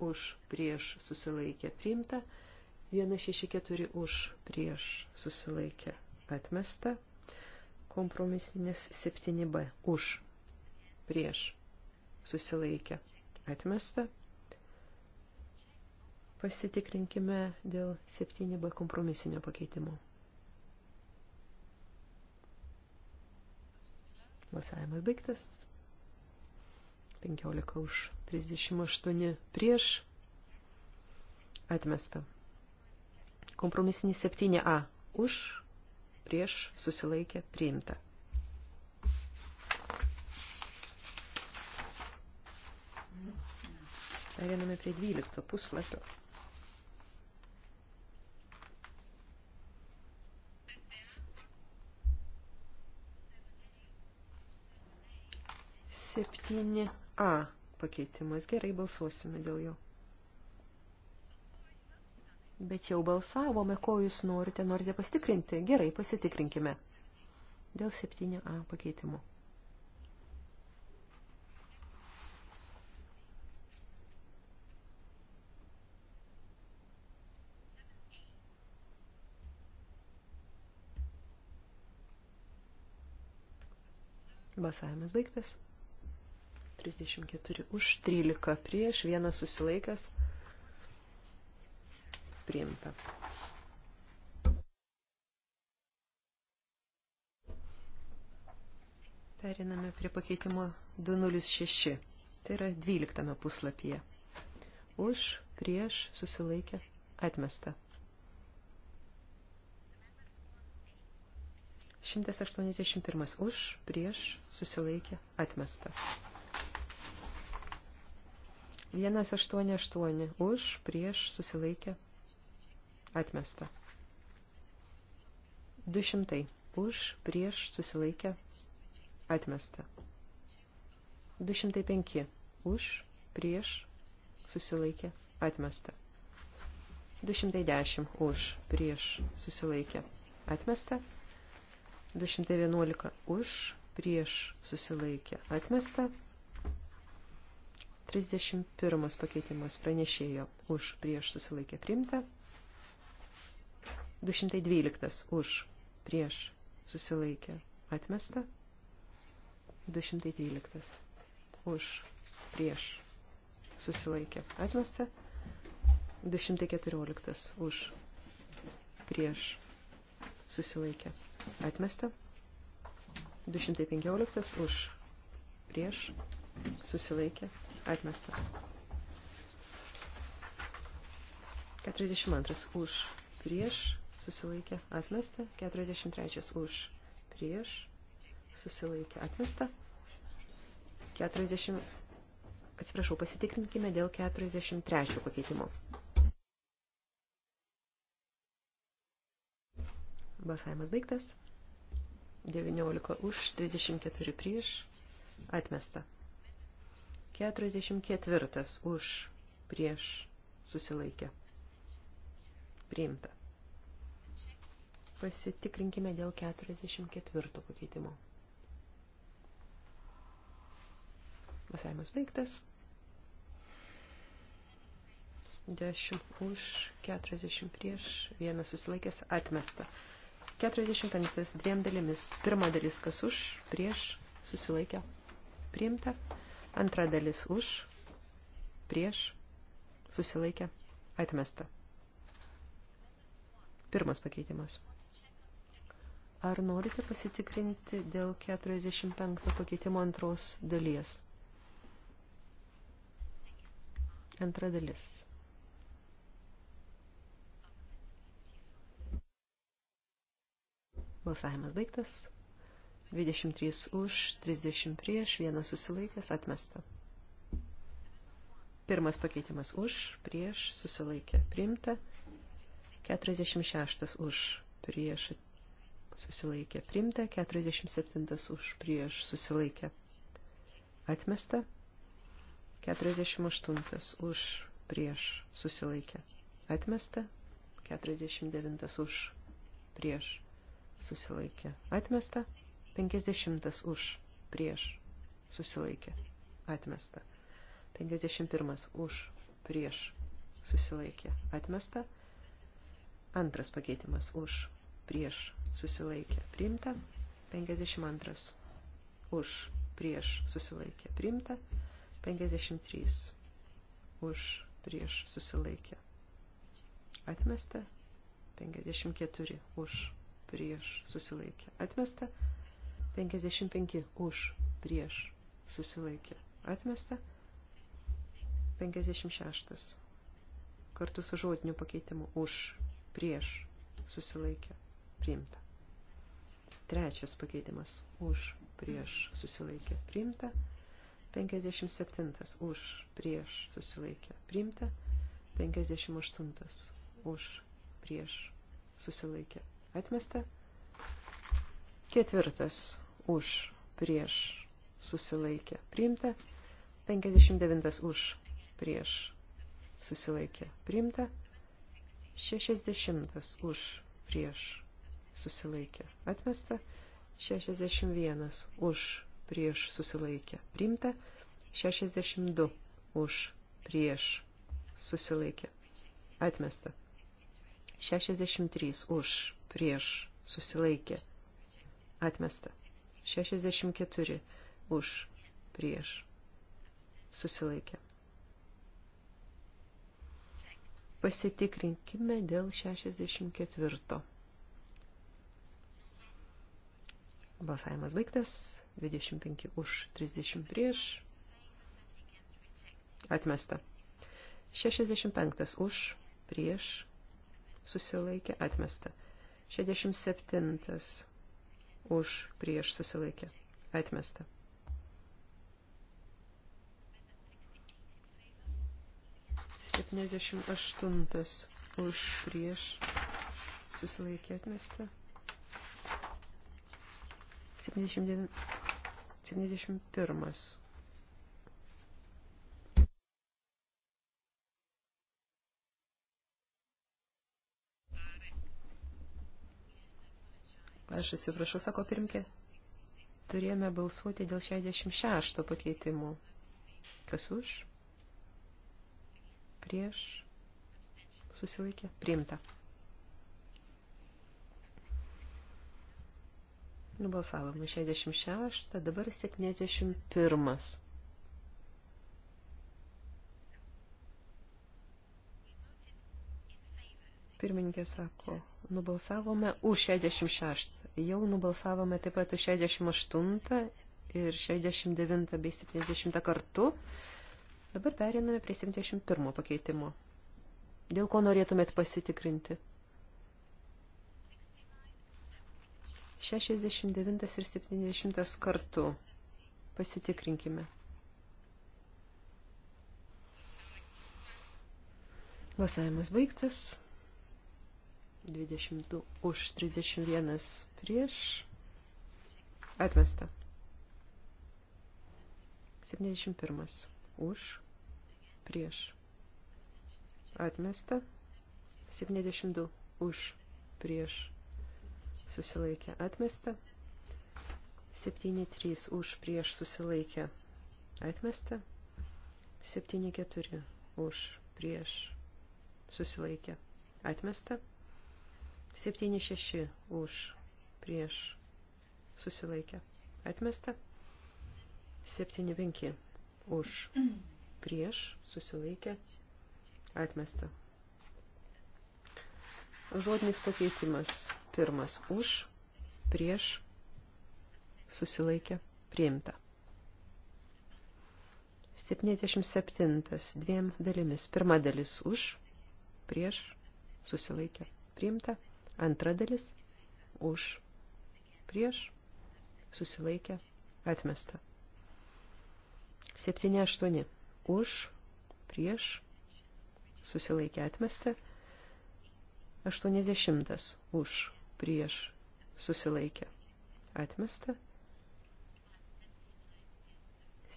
už prieš susilaikę priimta, 164 už prieš susilaikę atmesta, kompromisinės 7b už prieš susilaikę atmesta. Pasitikrinkime dėl 7b kompromisinio pakeitimo. Balsavimas baigtas. 15 už 38 prieš atmesta. Kompromisinis 7a už prieš susilaikė priimta. Pereiname prie 12 puslapio. Septyni A pakeitimas. Gerai, balsuosime dėl jo. Bet jau balsavome, ko jūs norite, norite pasitikrinti. Gerai, pasitikrinkime. Dėl 7A pakeitimo. Balsavimas baigtas. 34 už, 13 prieš, vienas susilaikęs, priimta. Periname prie pakeitimo 206, tai yra 12 puslapyje. Už, prieš, susilaikę, atmesta. 181 už, prieš, susilaikė, atmesta. 188 už, prieš, susilaikė, atmesta. 200 už, prieš, susilaikė, atmesta. 205 už, prieš, susilaikė, atmesta. 210 už, prieš, susilaikė, atmesta. 211 už, prieš, susilaikė, atmesta. 31 pakeitimas pranešėjo už prieš susilaikę primtą. 212 už prieš susilaikę atmestą. 213 už prieš susilaikę atmestą. 214 už prieš susilaikę atmestą. 215 už prieš susilaikę Atmesta. 42 už prieš susilaikė atmesta. 43 už prieš susilaikė atmesta. 40 Atsiprašau, pasitikrinkime dėl 43 pakeitimo. Balsavimas baigtas. 19 už, 34 prieš. Atmesta. 44 už prieš susilaikę. Priimta. Pasitikrinkime dėl 44 pakeitimo. Vasavimas baigtas. 10 už, 40 prieš, vienas susilaikęs, atmesta. 45 dviem dalimis. Pirma dalis kas už, prieš, susilaikę, priimta. Antra dalis už, prieš, susilaikę, atmesta. Pirmas pakeitimas. Ar norite pasitikrinti dėl 45 pakeitimo antros dalies? Antra dalis. Balsavimas baigtas. 23 už, 30 prieš, vienas susilaikęs, atmesta. Pirmas pakeitimas už, prieš, susilaikė, priimta. 46 už, prieš, susilaikė, priimta. 47 už, prieš, susilaikė, atmesta. 48 už, prieš, susilaikė, atmesta. 49 už, prieš, susilaikė, atmesta. 50 už, prieš, susilaikė, atmesta. 51 už, prieš, susilaikė, atmesta. Antras pakeitimas už, prieš, susilaikė, priimta. 52 už, prieš, susilaikė, priimta. 53 už, prieš, susilaikė, atmesta. 54 už, prieš, susilaikė, atmesta. 55 už, prieš, susilaikė, atmesta. 56 kartu su žodiniu pakeitimu už, prieš, susilaikė, priimta. Trečias pakeitimas už, prieš, susilaikė, priimta. 57 už, prieš, susilaikė, priimta. 58 už, prieš, susilaikė, atmesta. Ketvirtas už prieš susilaikė priimta. 59 už prieš susilaikė priimta. 60 už prieš susilaikė atmesta. 61 už prieš susilaikė priimta. 62 už prieš susilaikė atmesta. 63 už prieš susilaikė Atmesta. 64 už prieš susilaikė. Pasitikrinkime dėl 64. Balsavimas baigtas. 25 už, 30 prieš. Atmesta. 65 už, prieš. Susilaikė. Atmesta. 67 už prieš susilaikė atmesta. Septyniasdešimt aštuntas už prieš susilaikė atmesta. 71 aš atsiprašau, sako pirmkė, turėjome balsuoti dėl 66 pakeitimų. Kas už? Prieš? Susilaikė? Priimta. Nubalsavom 66, dabar 71. Pirmininkė sako, nubalsavome už 66. Jau nubalsavome taip pat 68 ir 69 bei 70 kartu. Dabar periname prie 71 pakeitimo. Dėl ko norėtumėt pasitikrinti? 69 ir 70 kartu. Pasitikrinkime. Balsavimas baigtas. 22 už 31 prieš. Atmesta. 71 už prieš. Atmesta. 72 už prieš. Susilaikė. Atmesta. 73 už prieš susilaikė. Atmesta. 74 už prieš susilaikė. Atmesta. 7-6 už prieš susilaikę atmesta. 7-5 už prieš susilaikę atmesta. Žodinis pakeitimas pirmas už prieš susilaikę priimta. 77 dviem dalimis. Pirma dalis už, prieš, susilaikę, priimta. Antra dalis už prieš susilaikę atmesta. 7-8 už prieš susilaikę atmesta. 80 už prieš susilaikę atmesta.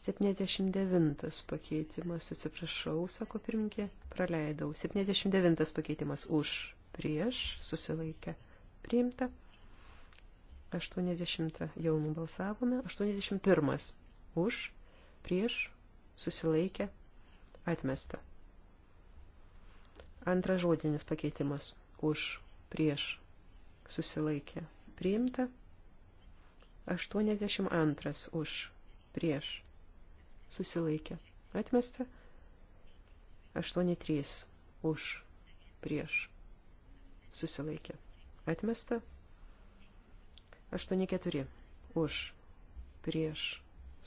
79 pakeitimas, atsiprašau, sako pirminkė, praleidau. 79 pakeitimas už, prieš susilaikę priimta. 80 jau nubalsavome. 81 už prieš susilaikę atmesta. Antras žodinis pakeitimas už prieš susilaikė priimta. 82 už prieš susilaikė atmesta. 83 už prieš susilaikė. Atmesta. 8-4 už, prieš,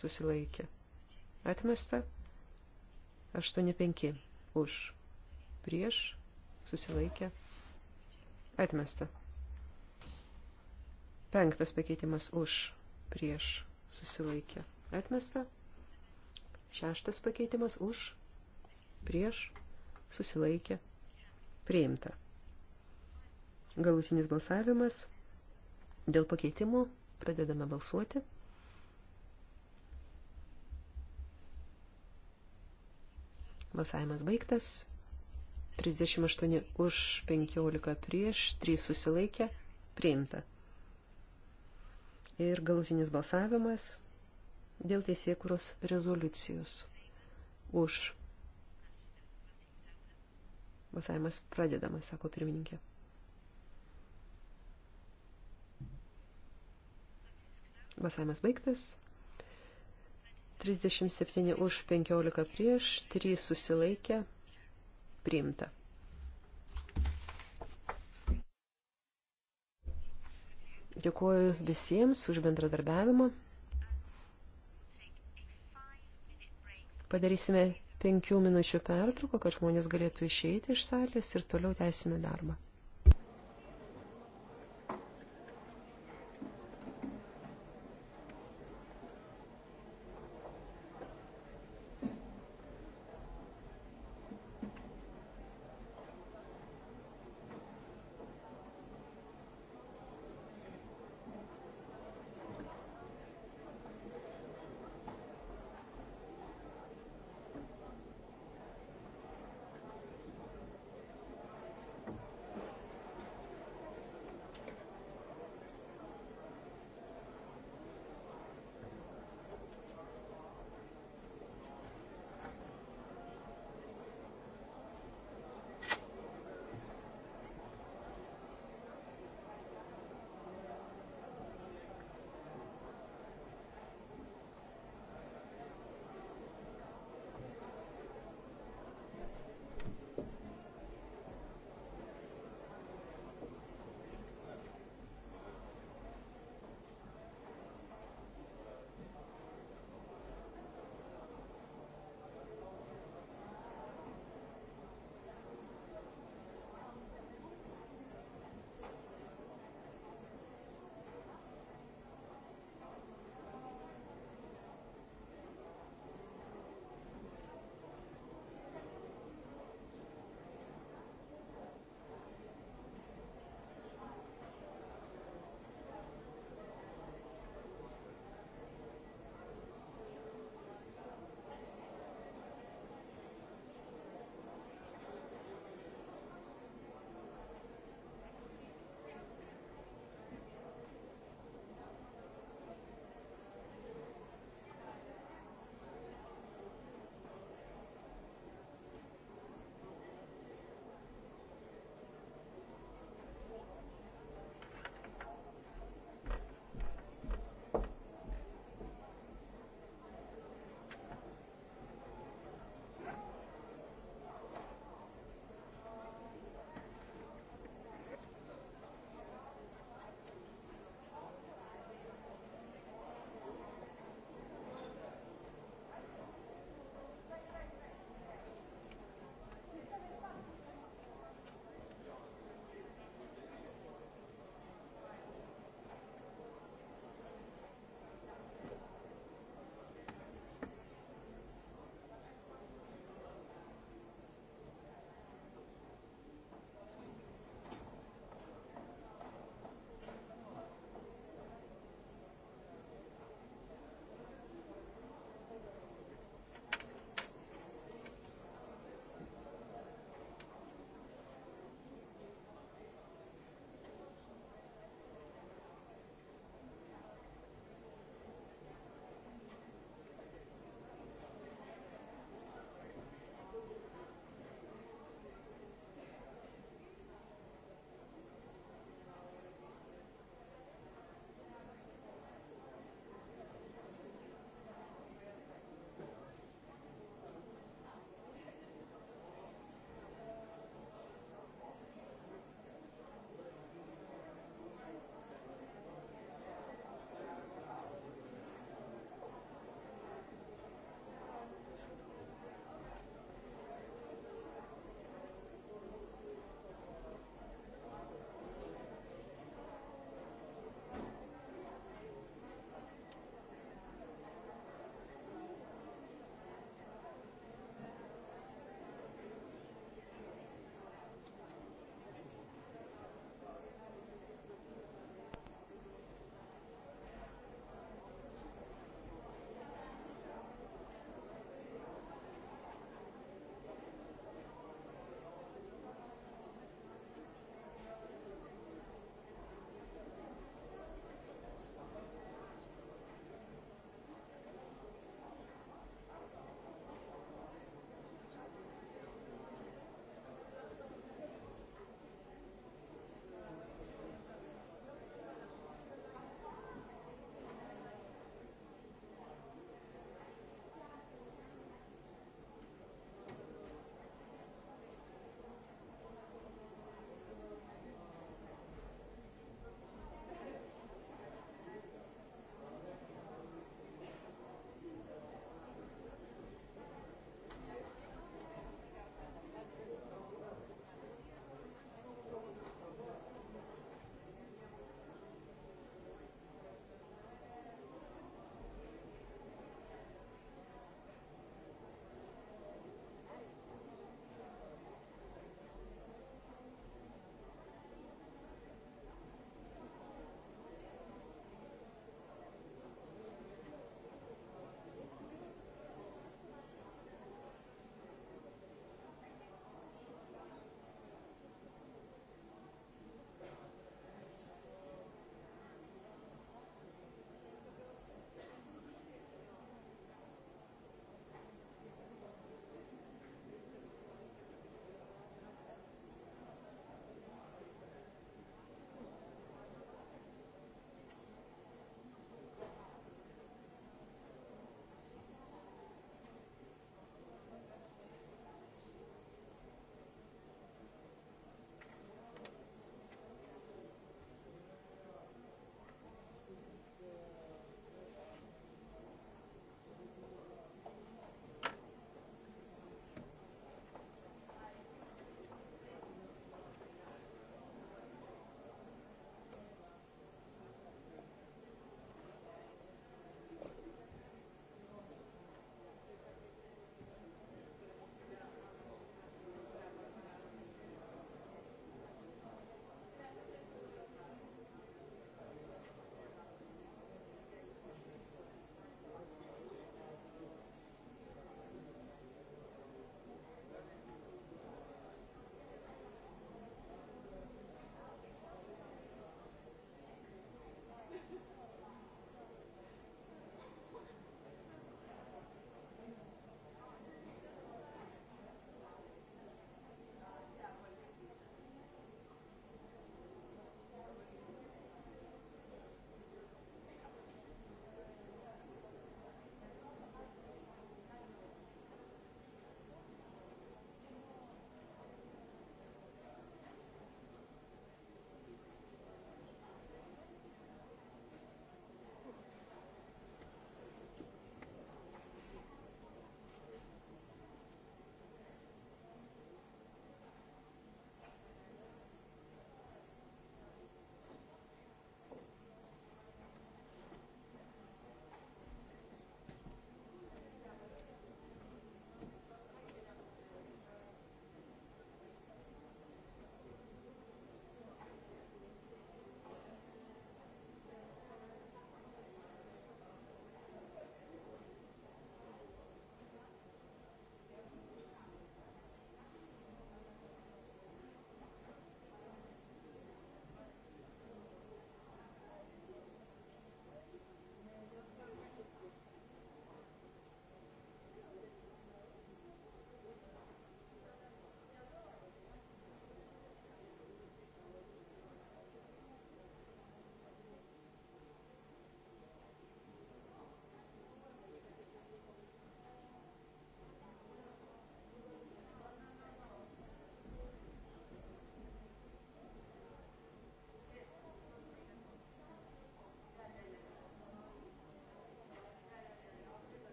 susilaikė. Atmesta. 8-5 už, prieš, susilaikė. Atmesta. Penktas pakeitimas už, prieš, susilaikė. Atmesta. Šeštas pakeitimas už, prieš, susilaikė, priimta. Galutinis balsavimas dėl pakeitimų. Pradedame balsuoti. Balsavimas baigtas. 38 už 15 prieš, 3 susilaikė, priimta. Ir galutinis balsavimas dėl teisėkuros rezoliucijos. Už. Balsavimas pradedamas, sako pirmininkė. Balsavimas baigtas. 37 už 15 prieš, 3 susilaikė, priimta. Dėkuoju visiems už bendradarbiavimą. Padarysime penkių minučių pertrauką, kad žmonės galėtų išeiti iš salės ir toliau tęsime darbą.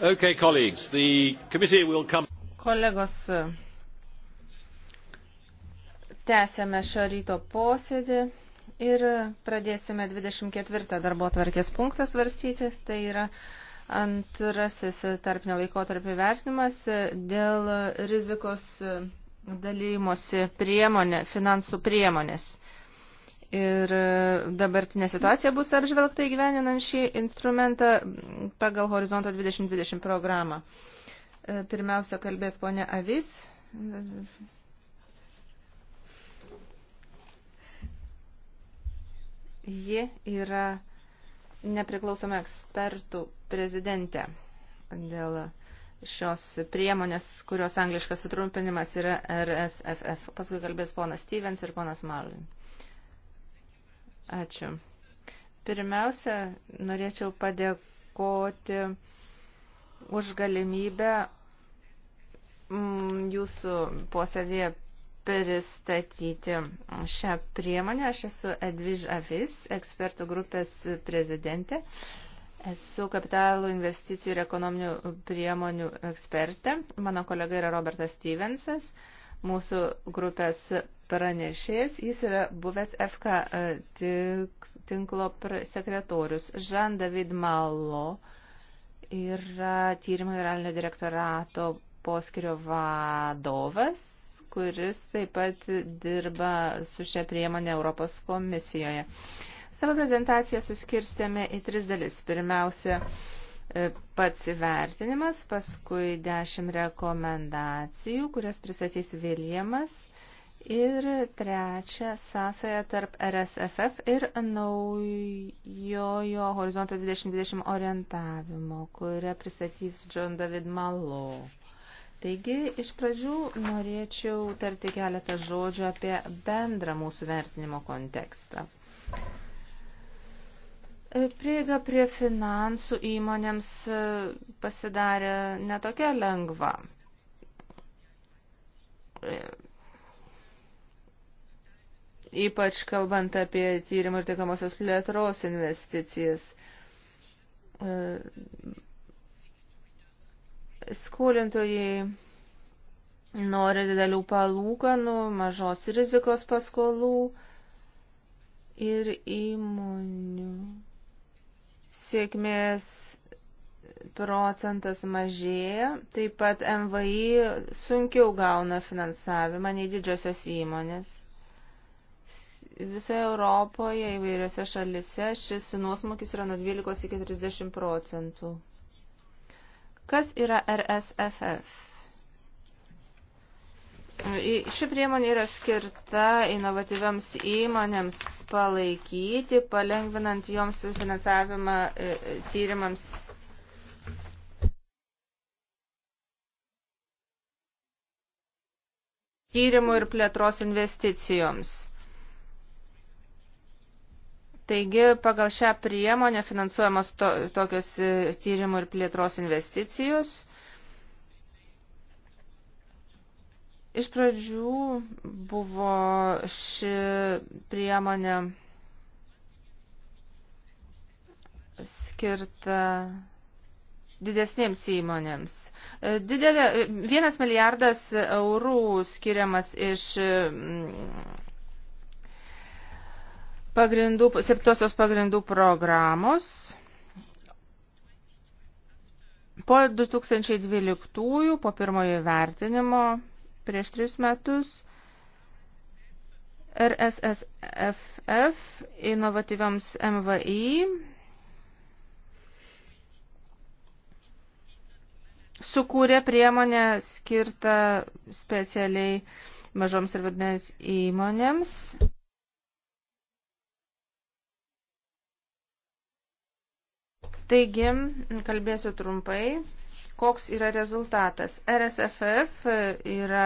Okay, colleagues, the committee will come. Kolegos, tęsėme šio ryto posėdį ir pradėsime 24 darbo tvarkės punktą svarstyti. Tai yra antrasis tarpinio laikotarpio vertinimas dėl rizikos dalymosi priemonė, finansų priemonės. Ir e, dabartinė situacija bus apžvelgta įgyveninant šį instrumentą pagal Horizonto 2020 programą. E, pirmiausia, kalbės ponė Avis. Ji yra nepriklausoma ekspertų prezidentė dėl šios priemonės, kurios angliškas sutrumpinimas yra RSFF. Paskui kalbės ponas Stevens ir ponas Marlin. Ačiū. Pirmiausia, norėčiau padėkoti už galimybę mm, jūsų posėdėje pristatyti šią priemonę. Aš esu Edviž Avis, ekspertų grupės prezidentė. Esu kapitalų investicijų ir ekonominių priemonių ekspertė. Mano kolega yra Robertas Stevensas. Uh, mūsų grupės pranešėjas, jis yra buvęs FK e, tinklo sekretorius. Žan David Malo yra tyrimo generalinio direktorato poskirio vadovas, kuris taip pat dirba su šia priemonė Europos komisijoje. Savo prezentaciją suskirstėme į tris dalis. Pirmiausia, E, pats įvertinimas, paskui dešimt rekomendacijų, kurias pristatys Viljamas. Ir trečia sąsaja tarp RSFF ir naujojo horizonto 2020 orientavimo, kurią pristatys John David Malo. Taigi, iš pradžių norėčiau tarti keletą žodžių apie bendrą mūsų vertinimo kontekstą. E, prieiga prie finansų įmonėms e, pasidarė netokia lengva. E, ypač kalbant apie tyrimų ir tikamosios plėtros investicijas. Skolintojai nori didelių palūkanų, mažos rizikos paskolų ir įmonių sėkmės procentas mažėja, taip pat MVI sunkiau gauna finansavimą nei didžiosios įmonės. Visoje Europoje įvairiose šalise šis nuosmukis yra nuo 12 iki 30 procentų. Kas yra RSFF? Ši priemonė yra skirta inovatyviams įmonėms palaikyti, palengvinant joms finansavimą e, e, tyrimams tyrimų ir plėtros investicijoms. Taigi, pagal šią priemonę finansuojamos to, tokios e, tyrimų ir plėtros investicijos Iš pradžių buvo ši priemonė skirta didesnėms įmonėms. Didelė, vienas milijardas eurų skiriamas iš mm, pagrindų, septosios pagrindų programos. Po 2012, po pirmojo vertinimo, Prieš tris metus RSSFF inovatyviams MVI sukūrė priemonę skirtą specialiai mažoms ir vidinės įmonėms. Taigi, kalbėsiu trumpai koks yra rezultatas. RSFF yra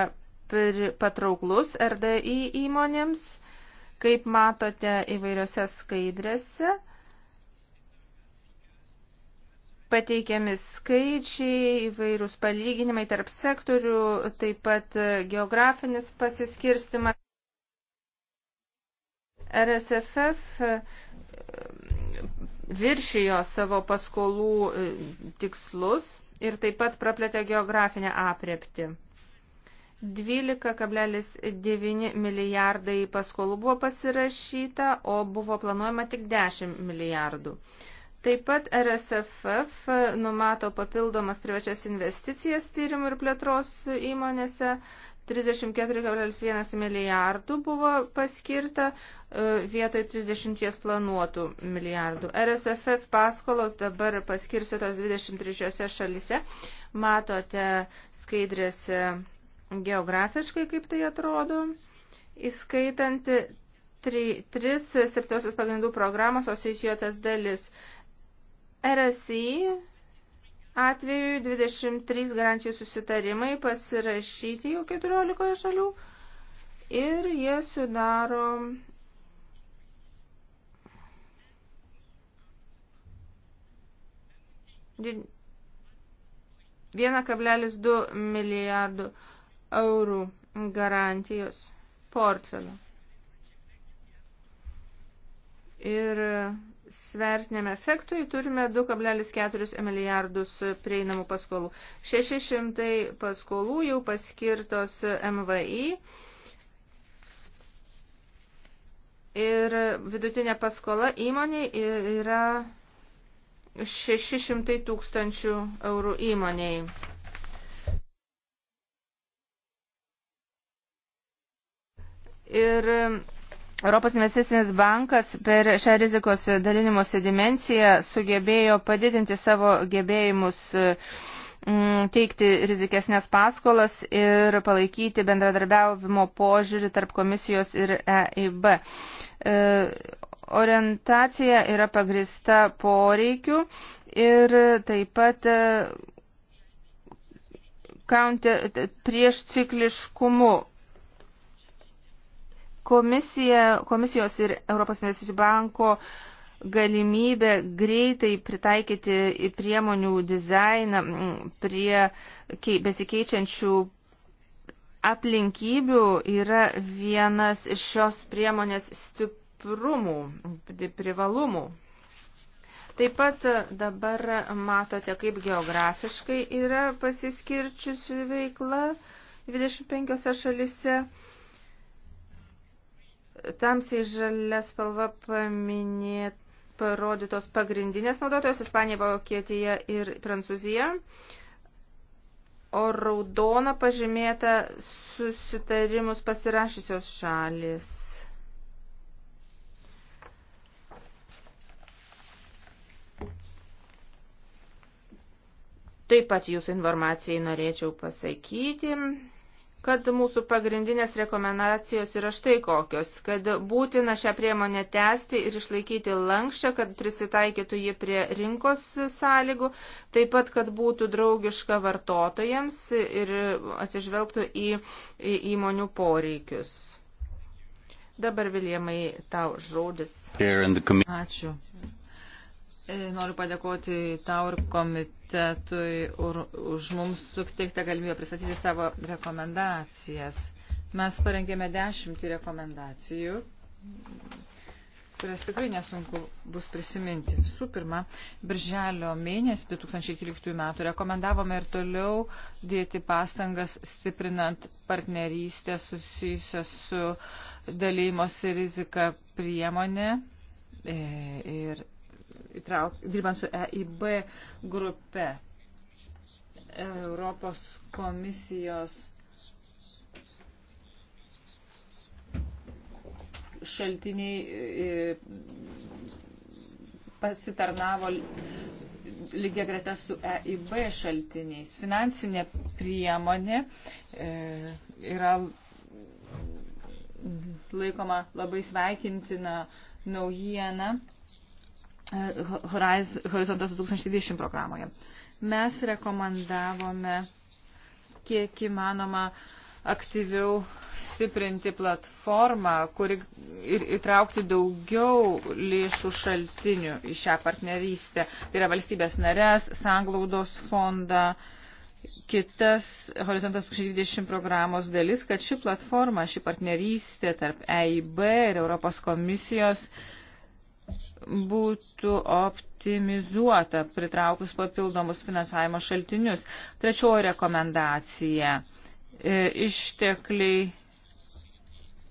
patrauklus RDI įmonėms, kaip matote įvairiose skaidrėse. Pateikiami skaičiai, įvairūs palyginimai tarp sektorių, taip pat geografinis pasiskirstimas. RSFF e, viršijo savo paskolų e, tikslus ir taip pat praplėtė geografinę apriepti. 12,9 milijardai paskolų buvo pasirašyta, o buvo planuojama tik 10 milijardų. Taip pat RSFF numato papildomas privačias investicijas tyrimų ir plėtros įmonėse, 34,1 milijardų buvo paskirta e, vietoj 30 planuotų milijardų. RSFF paskolos dabar paskirsitos 23 šalise. Matote skaidrėse geografiškai, kaip tai atrodo, įskaitant 3 septosios pagrindų programos asocijuotas dalis. RSI atveju 23 garantijų susitarimai pasirašyti jau 14 šalių ir jie sudaro did... 1,2 milijardų eurų garantijos portfelio. Ir svertiniam efektui turime 2,4 milijardus prieinamų paskolų. 600 paskolų jau paskirtos MVI ir vidutinė paskola įmonė yra 600 tūkstančių eurų įmoniai. Ir Europos investicinis bankas per šią rizikos dalinimosi dimenciją sugebėjo padidinti savo gebėjimus mm, teikti rizikesnės paskolas ir palaikyti bendradarbiavimo požiūrį tarp komisijos ir EIB. E, orientacija yra pagrista poreikiu ir taip pat e, prieš cikliškumu Komisija, komisijos ir Europos investicijų banko galimybė greitai pritaikyti priemonių dizainą mm, prie besikeičiančių aplinkybių yra vienas iš šios priemonės stiprumų, privalumų. Taip pat dabar matote, kaip geografiškai yra pasiskirčiusi veikla 25 šalise. Tamsiai žalia spalva paminėt, parodytos pagrindinės naudotojos - Ispanija, Vokietija ir Prancūzija. O raudona pažymėta susitarimus pasirašysios šalis. Taip pat jūsų informacijai norėčiau pasakyti, kad mūsų pagrindinės rekomendacijos yra štai kokios, kad būtina šią priemonę tęsti ir išlaikyti lankščią, kad prisitaikytų jį prie rinkos sąlygų, taip pat, kad būtų draugiška vartotojams ir atsižvelgtų į, į įmonių poreikius. Dabar, Viljamai, tau žodis. Ačiū. E, noriu padėkoti tau ir komitetui už mums suteiktą galimybę pristatyti savo rekomendacijas. Mes parengėme dešimtį rekomendacijų, kurias tikrai nesunku bus prisiminti. Visų pirma, birželio mėnesį 2013 metų rekomendavome ir toliau dėti pastangas stiprinant partnerystę susijusią su dalymosi rizika priemonė e, ir įtrauk, dirbant su EIB grupe. Europos komisijos šaltiniai e, pasitarnavo lygia greta su EIB šaltiniais. Finansinė priemonė e, yra laikoma labai sveikintina naujiena Horizontas 2020 programoje. Mes rekomendavome kiek įmanoma aktyviau stiprinti platformą kuri, ir įtraukti daugiau lėšų šaltinių į šią partnerystę. Tai yra valstybės narės, sanglaudos fondą, kitas Horizontas 2020 programos dalis, kad ši platforma, ši partnerystė tarp EIB ir Europos komisijos uh, būtų optimizuota, pritraukus papildomus finansavimo šaltinius. Trečioji rekomendacija. E, ištekliai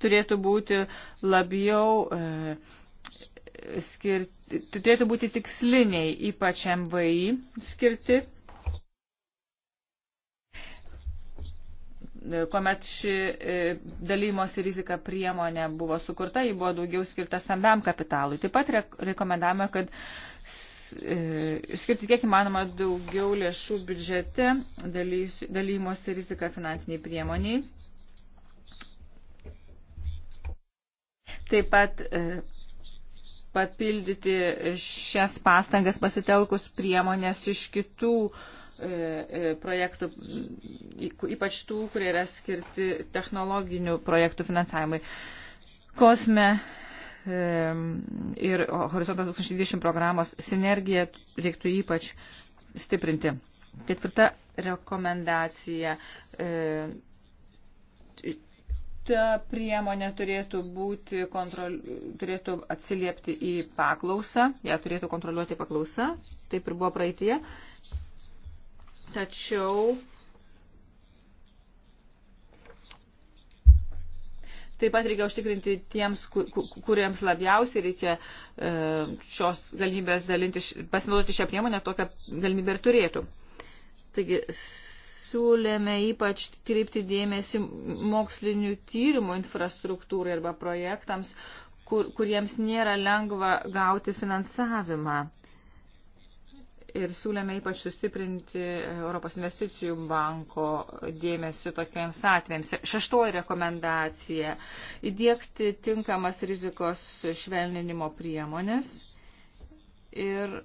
turėtų būti labiau e, skirti, turėtų būti tiksliniai, ypač MVI skirti kuomet ši e, dalymosi rizika priemonė buvo sukurta, ji buvo daugiau skirta stambiam kapitalui. Taip pat rekomendavome, kad e, skirti kiek įmanoma daugiau lėšų biudžete dalymosi rizika finansiniai priemoniai. Taip pat e, papildyti šias pastangas pasitelkus priemonės iš kitų e, e, projektų, ypač tų, kurie yra skirti technologinių projektų finansavimui. Kosme e, ir Horizontas 2020 programos sinergiją reiktų ypač stiprinti. Ketvirta rekomendacija ta priemonė turėtų, būti, kontrol, turėtų atsiliepti į paklausą, ją turėtų kontroliuoti paklausa, taip ir buvo praeitie. Tačiau taip pat reikia užtikrinti tiems, kuriems labiausiai reikia e, šios galimybės dalinti, pasinaudoti šią priemonę, tokią galimybę ir turėtų. Taigi siūlėme ypač kreipti dėmesį mokslinių tyrimų infrastruktūrai arba projektams, kur, kuriems nėra lengva gauti finansavimą. Ir siūlėme ypač sustiprinti Europos investicijų banko dėmesį tokiems atvejams. Šeštoji rekomendacija - įdėkti tinkamas rizikos švelninimo priemonės ir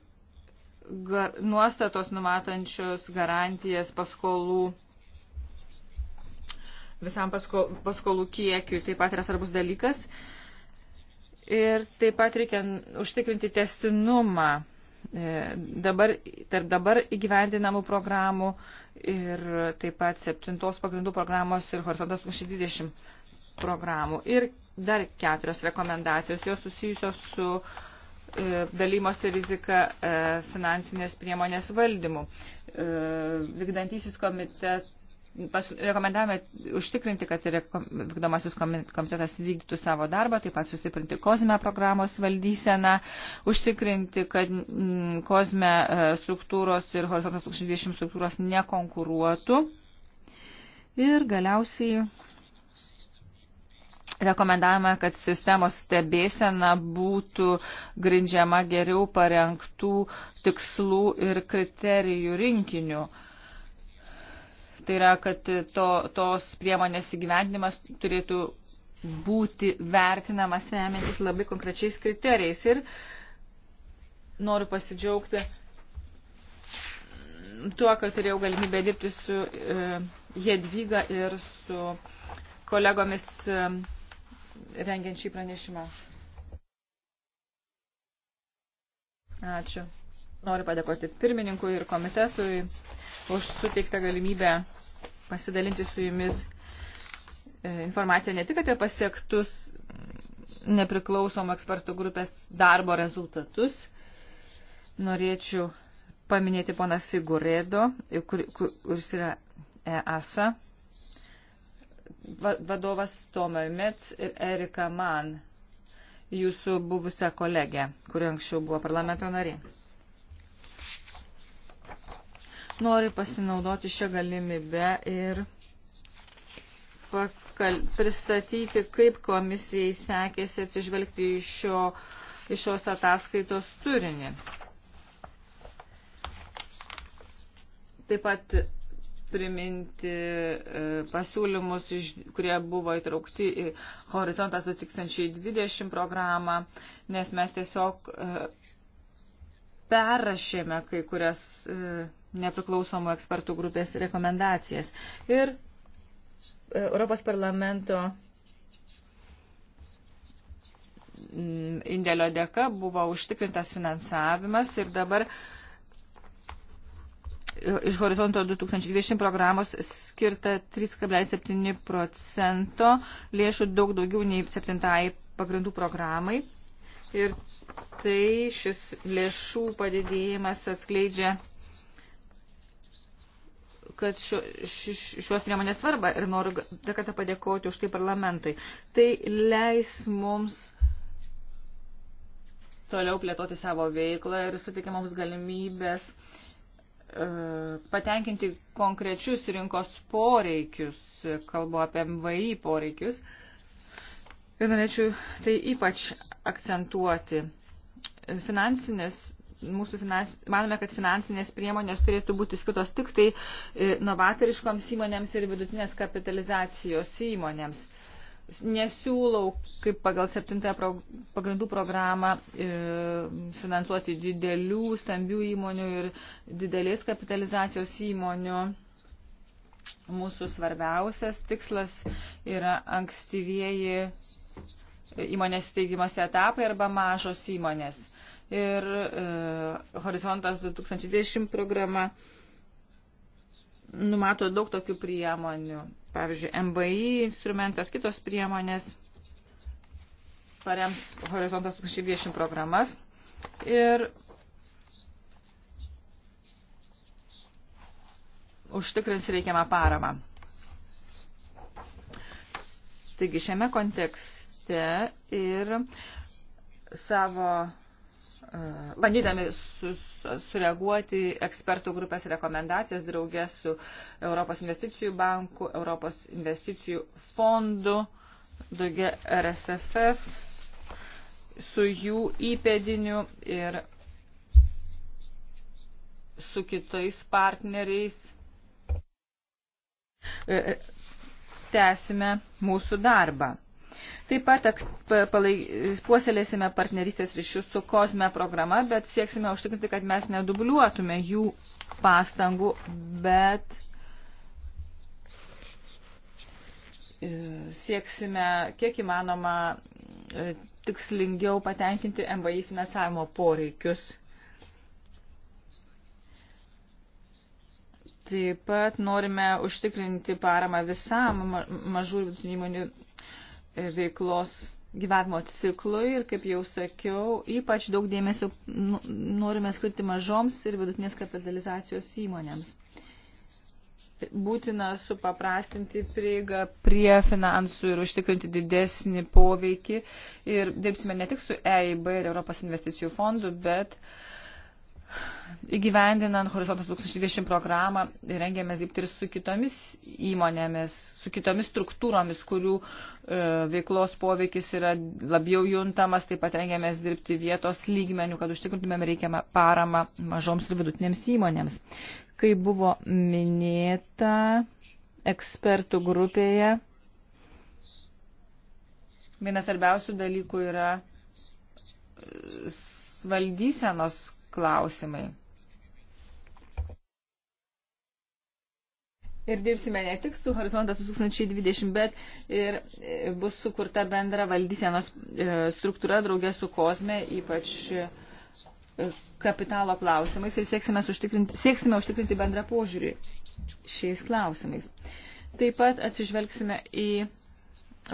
gar, nuostatos numatančios garantijas paskolų visam pasko, paskolų kiekiui taip pat yra svarbus dalykas. Ir taip pat reikia užtikrinti testinumą e, dabar, tarp dabar įgyvendinamų programų ir taip pat septintos pagrindų programos ir horizontas 2020 programų. Ir dar keturios rekomendacijos, jos susijusios su uh, E, dalymosi rizika e, finansinės priemonės valdymu. E, vykdantysis komitetas rekomendavome užtikrinti, kad vykdomasis komitetas vykdytų savo darbą, taip pat sustiprinti kozme programos valdyseną, užtikrinti, kad mm, kozme struktūros ir horizontas 2020 struktūros nekonkuruotų. Ir galiausiai rekomendavome, kad sistemos stebėsena būtų grindžiama geriau parengtų tikslų ir kriterijų rinkiniu. Tai yra, kad to, tos priemonės įgyvendinimas turėtų būti vertinamas remiantis labai konkrečiais kriterijais. Ir noriu pasidžiaugti tuo, kad turėjau galimybę dirbti su e, Jedviga ir su kolegomis e, rengiant šį pranešimą. Ačiū. Noriu padėkoti pirmininkui ir komitetui už suteiktą galimybę pasidalinti su jumis e, informaciją ne tik apie pasiektus nepriklausomų ekspertų grupės darbo rezultatus. Norėčiau paminėti poną Figurėdo, kuris kur, kur yra EASA vadovas Toma Mets ir Erika Mann, jūsų buvusią kolegę, kuri anksčiau buvo parlamento narė. Noriu pasinaudoti šią galimybę ir pakal, pristatyti, kaip komisijai sekėsi atsižvelgti į, šio, į šios ataskaitos turinį. Taip pat priminti e, pasiūlymus, kurie buvo įtraukti į Horizontas 2020 programą, nes mes tiesiog e, perrašėme kai kurias e, nepriklausomų ekspertų grupės rekomendacijas. Ir Europos parlamento mm, indėlio dėka buvo užtikrintas finansavimas ir dabar uh, iš Horizonto 2020 programos skirta 3,7 procento lėšų daug daugiau nei 7 pagrindų programai. Ir tai šis lėšų padidėjimas atskleidžia kad šio, šios priemonės svarba ir noriu dar kartą padėkoti už tai parlamentui. Tai leis mums toliau plėtoti savo veiklą ir suteikia mums galimybės uh, E, patenkinti konkrečius rinkos poreikius, kalbu apie MVI poreikius. Ir norėčiau tai ypač akcentuoti. Finansinės, mūsų finans, manome, kad finansinės priemonės turėtų būti skirtos tik tai e, novatoriškoms įmonėms ir vidutinės kapitalizacijos įmonėms. Uh, nesiūlau, kaip pagal septintąją pro, pagrindų programą, e, finansuoti didelių, stambių įmonių ir didelės kapitalizacijos įmonių. Mūsų svarbiausias tikslas yra ankstyvieji įmonės steigimosi etapai arba mažos įmonės. Ir e, Horizontas 2020 programa numato daug tokių priemonių pavyzdžiui, MBI instrumentas, kitos priemonės parems Horizontas 2020 programas. Ir užtikrins reikiamą paramą. Taigi šiame kontekste ir savo bandydami sureaguoti ekspertų grupės rekomendacijas draugė su Europos investicijų banku, Europos investicijų fondu, daugia RSFF, su jų įpėdiniu ir su kitais partneriais tęsime mūsų darbą. Taip pat puoselėsime partnerystės ryšius su kosme programa, bet sieksime užtikrinti, kad mes nedubliuotume jų pastangų, bet e, sieksime kiek įmanoma e, tikslingiau patenkinti MVI finansavimo poreikius. Taip pat norime užtikrinti paramą visam mažų vidutinių įmonių veiklos gyvavimo ciklui ir, kaip jau sakiau, ypač daug dėmesio nu, norime skirti mažoms ir vidutinės kapitalizacijos įmonėms. Būtina supaprastinti prieigą prie finansų ir užtikrinti didesnį poveikį. Ir dirbsime ne tik su EIB ir Europos investicijų fondu, bet uh, Įgyvendinant Horizontas 2020 programą, rengėmės dirbti ir su kitomis įmonėmis, su kitomis struktūromis, kurių e, veiklos poveikis yra labiau juntamas, taip pat rengėmės dirbti vietos lygmenių, kad užtikrintumėm reikiamą paramą mažoms ir vidutinėms įmonėms. Kai buvo minėta ekspertų grupėje, vienas svarbiausių dalykų yra e, valdysenos klausimai. Ir dirbsime ne tik su Horizontas 2020, bet ir e, bus sukurta bendra valdysienos e, struktūra draugė su Kozme, ypač e, kapitalo klausimais ir sieksime užtikrinti, sieksime užtikrinti bendrą požiūrį šiais klausimais. Taip pat atsižvelgsime į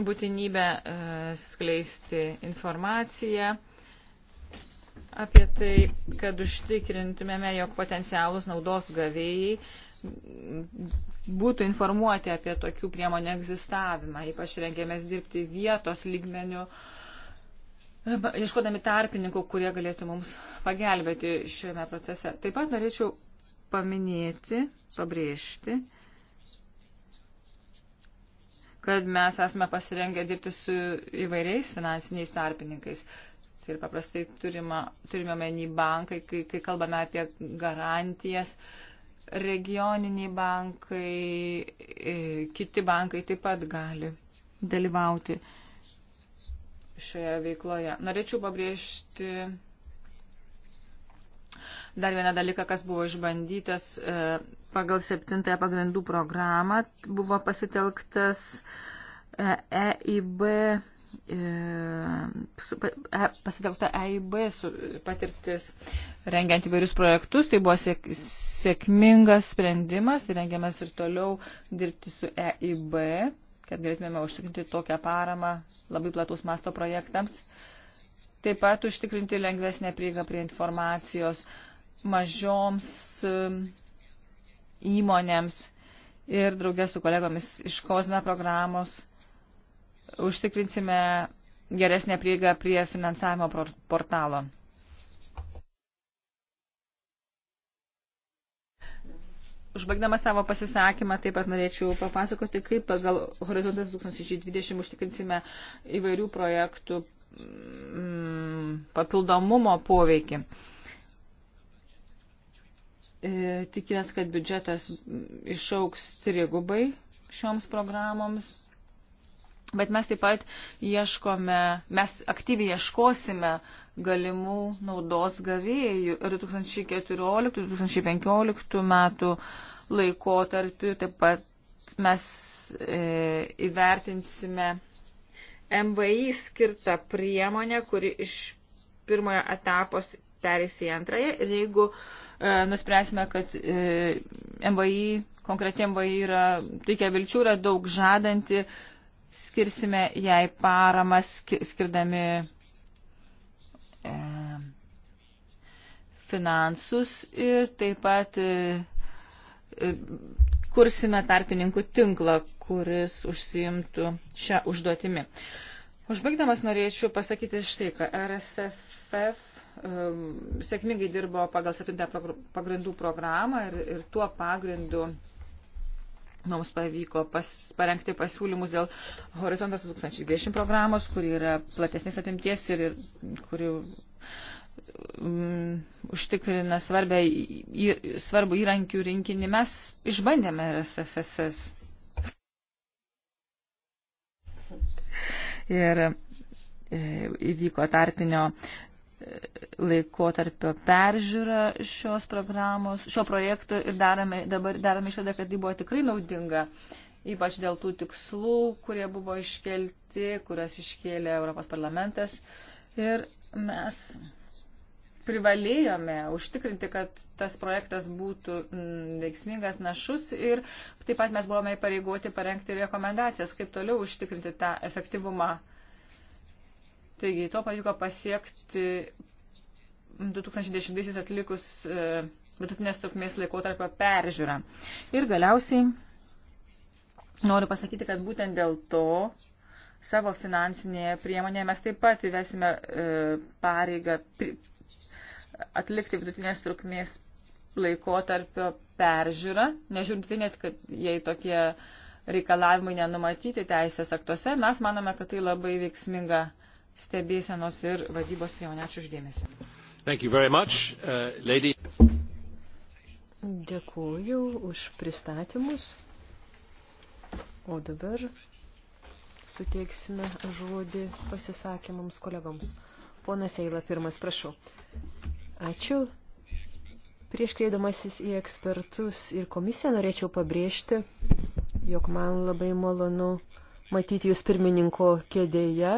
būtinybę skleisti informaciją apie tai, kad užtikrintumėme, jog potencialus naudos gavėjai būtų informuoti apie tokių priemonių egzistavimą. Ypač rengėmės dirbti vietos lygmenių, ieškodami tarpininkų, kurie galėtų mums pagelbėti šiame procese. Taip pat norėčiau paminėti, pabrėžti, kad mes esame pasirengę dirbti su įvairiais finansiniais tarpininkais. Tai ir paprastai turime, turime menį bankai, kai, kai kalbame apie garantijas, regioniniai bankai, e, kiti bankai taip pat gali dalyvauti šioje veikloje. Norėčiau pabrėžti dar vieną dalyką, kas buvo išbandytas e, pagal septintąją pagrindų programą. Buvo pasitelktas EIB e E, e, pasitelkta EIB patirtis rengiant įvairius projektus. Tai buvo sėk, sėkmingas sprendimas ir tai rengiamas ir toliau dirbti su EIB, kad galėtumėme užtikrinti tokią paramą labai platus masto projektams. Taip pat užtikrinti lengvesnę prieigą prie informacijos mažoms e, įmonėms ir draugės su kolegomis iš Kozme programos užtikrinsime geresnę prieigą prie finansavimo portalo. Užbaigdama savo pasisakymą, taip pat norėčiau papasakoti, kaip pagal Horizontas 2020 užtikrinsime įvairių projektų mm, papildomumo poveikį. E, tikimės, kad biudžetas išauks trigubai šioms programoms Bet mes taip pat ieškome, mes aktyviai ieškosime galimų naudos gavėjų ir 2014-2015 metų laikotarpiu taip pat mes e, įvertinsime MVI skirtą priemonę, kuri iš pirmojo etapos perės į antrąją ir jeigu e, nuspręsime, kad e, MVI, konkretiai MVI yra, teikia vilčių, yra daug žadanti, e, skirsime jai paramą skirdami e, finansus ir taip pat e, e, kursime tarpininkų tinklą, kuris užsiimtų šią užduotimi. Užbaigdamas norėčiau pasakyti štai, kad RSFF e, sėkmingai dirbo pagal 7 pagrindų programą ir, ir tuo pagrindu Mums pavyko pas, parengti pasiūlymus dėl Horizontas 2020 programos, kuri yra platesnės apimties ir, ir kuri um, užtikrina svarbę, į, svarbų įrankių rinkinį. Mes išbandėme RSFSS. Ir e, įvyko tarpinio laikotarpio peržiūrą šios programos, šio projekto ir darome, dabar darome išvadą, kad ji buvo tikrai naudinga, ypač dėl tų tikslų, kurie buvo iškelti, kurias iškėlė Europos parlamentas. Ir mes privalėjome užtikrinti, kad tas projektas būtų mm, veiksmingas, našus ir taip pat mes buvome įpareigoti parengti rekomendacijas, kaip toliau užtikrinti tą efektyvumą. Taigi, to pavyko pasiekti 2010 atlikus e, vidutinės trukmės laikotarpio peržiūrą. Ir galiausiai noriu pasakyti, kad būtent dėl to savo finansinėje priemonėje mes taip pat įvesime e, pareigą atlikti vidutinės trukmės laikotarpio peržiūrą, nežiūrint tai net, kad jei tokie reikalavimai nenumatyti teisės aktuose, mes manome, kad tai labai veiksminga stebėsenos ir vadybos priemonę. Ačiū uždėmesi. Uh, Dėkuoju už pristatymus. O dabar suteiksime žodį pasisakymams kolegoms. Ponas Eila, pirmas, prašau. Ačiū. Prieš kreidamasis į ekspertus ir komisiją norėčiau pabrėžti, jog man labai malonu matyti jūs pirmininko kėdėje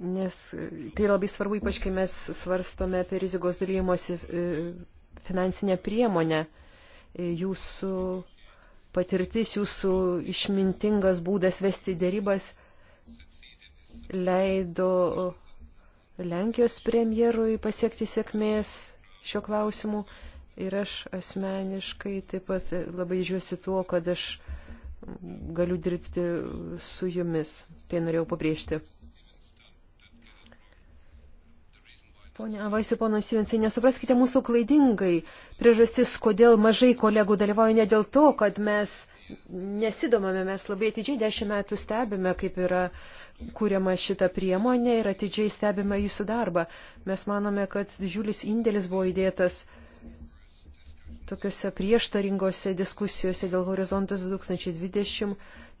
Nes tai labai svarbu, ypač kai mes svarstome apie rizikos dalymosi e, finansinę priemonę. E, jūsų patirtis, jūsų išmintingas būdas vesti dėrybas leido Lenkijos premjerui pasiekti sėkmės šio klausimu. Ir aš asmeniškai taip pat labai žiūsiu tuo, kad aš galiu dirbti su jumis. Tai norėjau pabrėžti. Pone Vaisiu, ponas Sivensai, nesupraskite mūsų klaidingai. Priežastis, kodėl mažai kolegų dalyvauja ne dėl to, kad mes nesidomame, mes labai atidžiai dešimt metų stebime, kaip yra kuriama šita priemonė ir atidžiai stebime jūsų darbą. Mes manome, kad didžiulis indėlis buvo įdėtas tokiuose prieštaringose diskusijose dėl horizontas 2020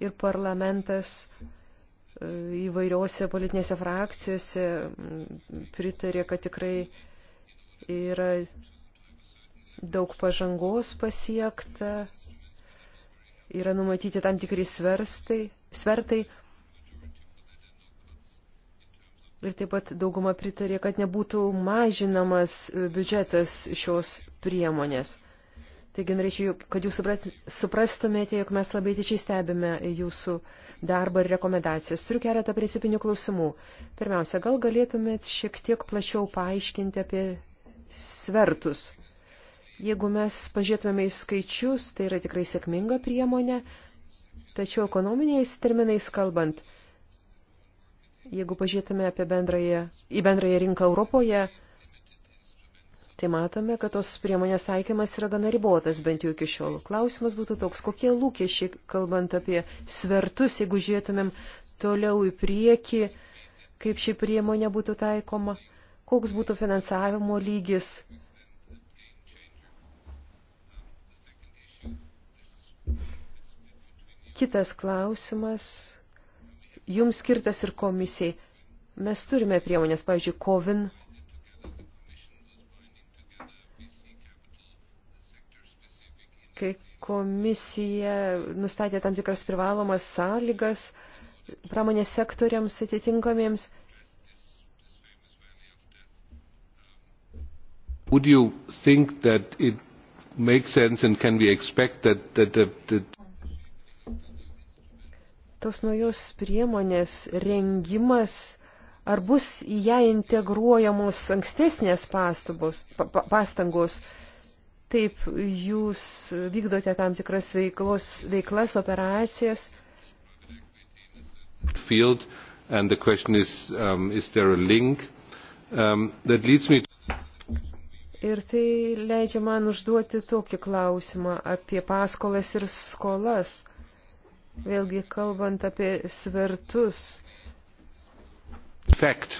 ir parlamentas įvairiose politinėse frakcijose pritarė, kad tikrai yra daug pažangos pasiekta, yra numatyti tam tikri sverstai, svertai. Ir taip pat dauguma pritarė, kad nebūtų mažinamas biudžetas šios priemonės. Taigi norėčiau, kad jūs suprat, suprastumėte, jog mes labai tyčiai stebime jūsų uh, darbą ir rekomendacijas. Turiu keletą principinių klausimų. Pirmiausia, gal galėtumėt šiek tiek plačiau paaiškinti apie svertus. Jeigu mes pažiūrėtume į skaičius, tai yra tikrai sėkminga priemonė, tačiau ekonominiais terminais kalbant, jeigu pažiūrėtume apie bendrąją, į bendrąją rinką Europoje, tai matome, kad tos priemonės taikymas yra gana ribotas, bent jau iki šiol. Klausimas būtų toks, kokie lūkesčiai, kalbant apie svertus, jeigu žiūrėtumėm toliau į priekį, kaip ši priemonė būtų taikoma, koks būtų finansavimo lygis. Kitas klausimas, jums skirtas ir komisijai. Mes turime priemonės, pavyzdžiui, COVIN kai komisija nustatė tam tikras privalomas sąlygas pramonės sektoriams atitinkamiems. Would you think that it makes sense and can we expect that, that, that, that Tos naujos priemonės rengimas, ar bus į ją integruojamos ankstesnės pastabos, pa, pa, pastangos, pastangos Taip, jūs vykdote tam tikras veiklos, veiklas, operacijas. Field, and the question is, um, is there a link um, that leads me to... Ir tai leidžia man užduoti tokį klausimą apie paskolas ir skolas. Vėlgi kalbant apie svertus. Fact.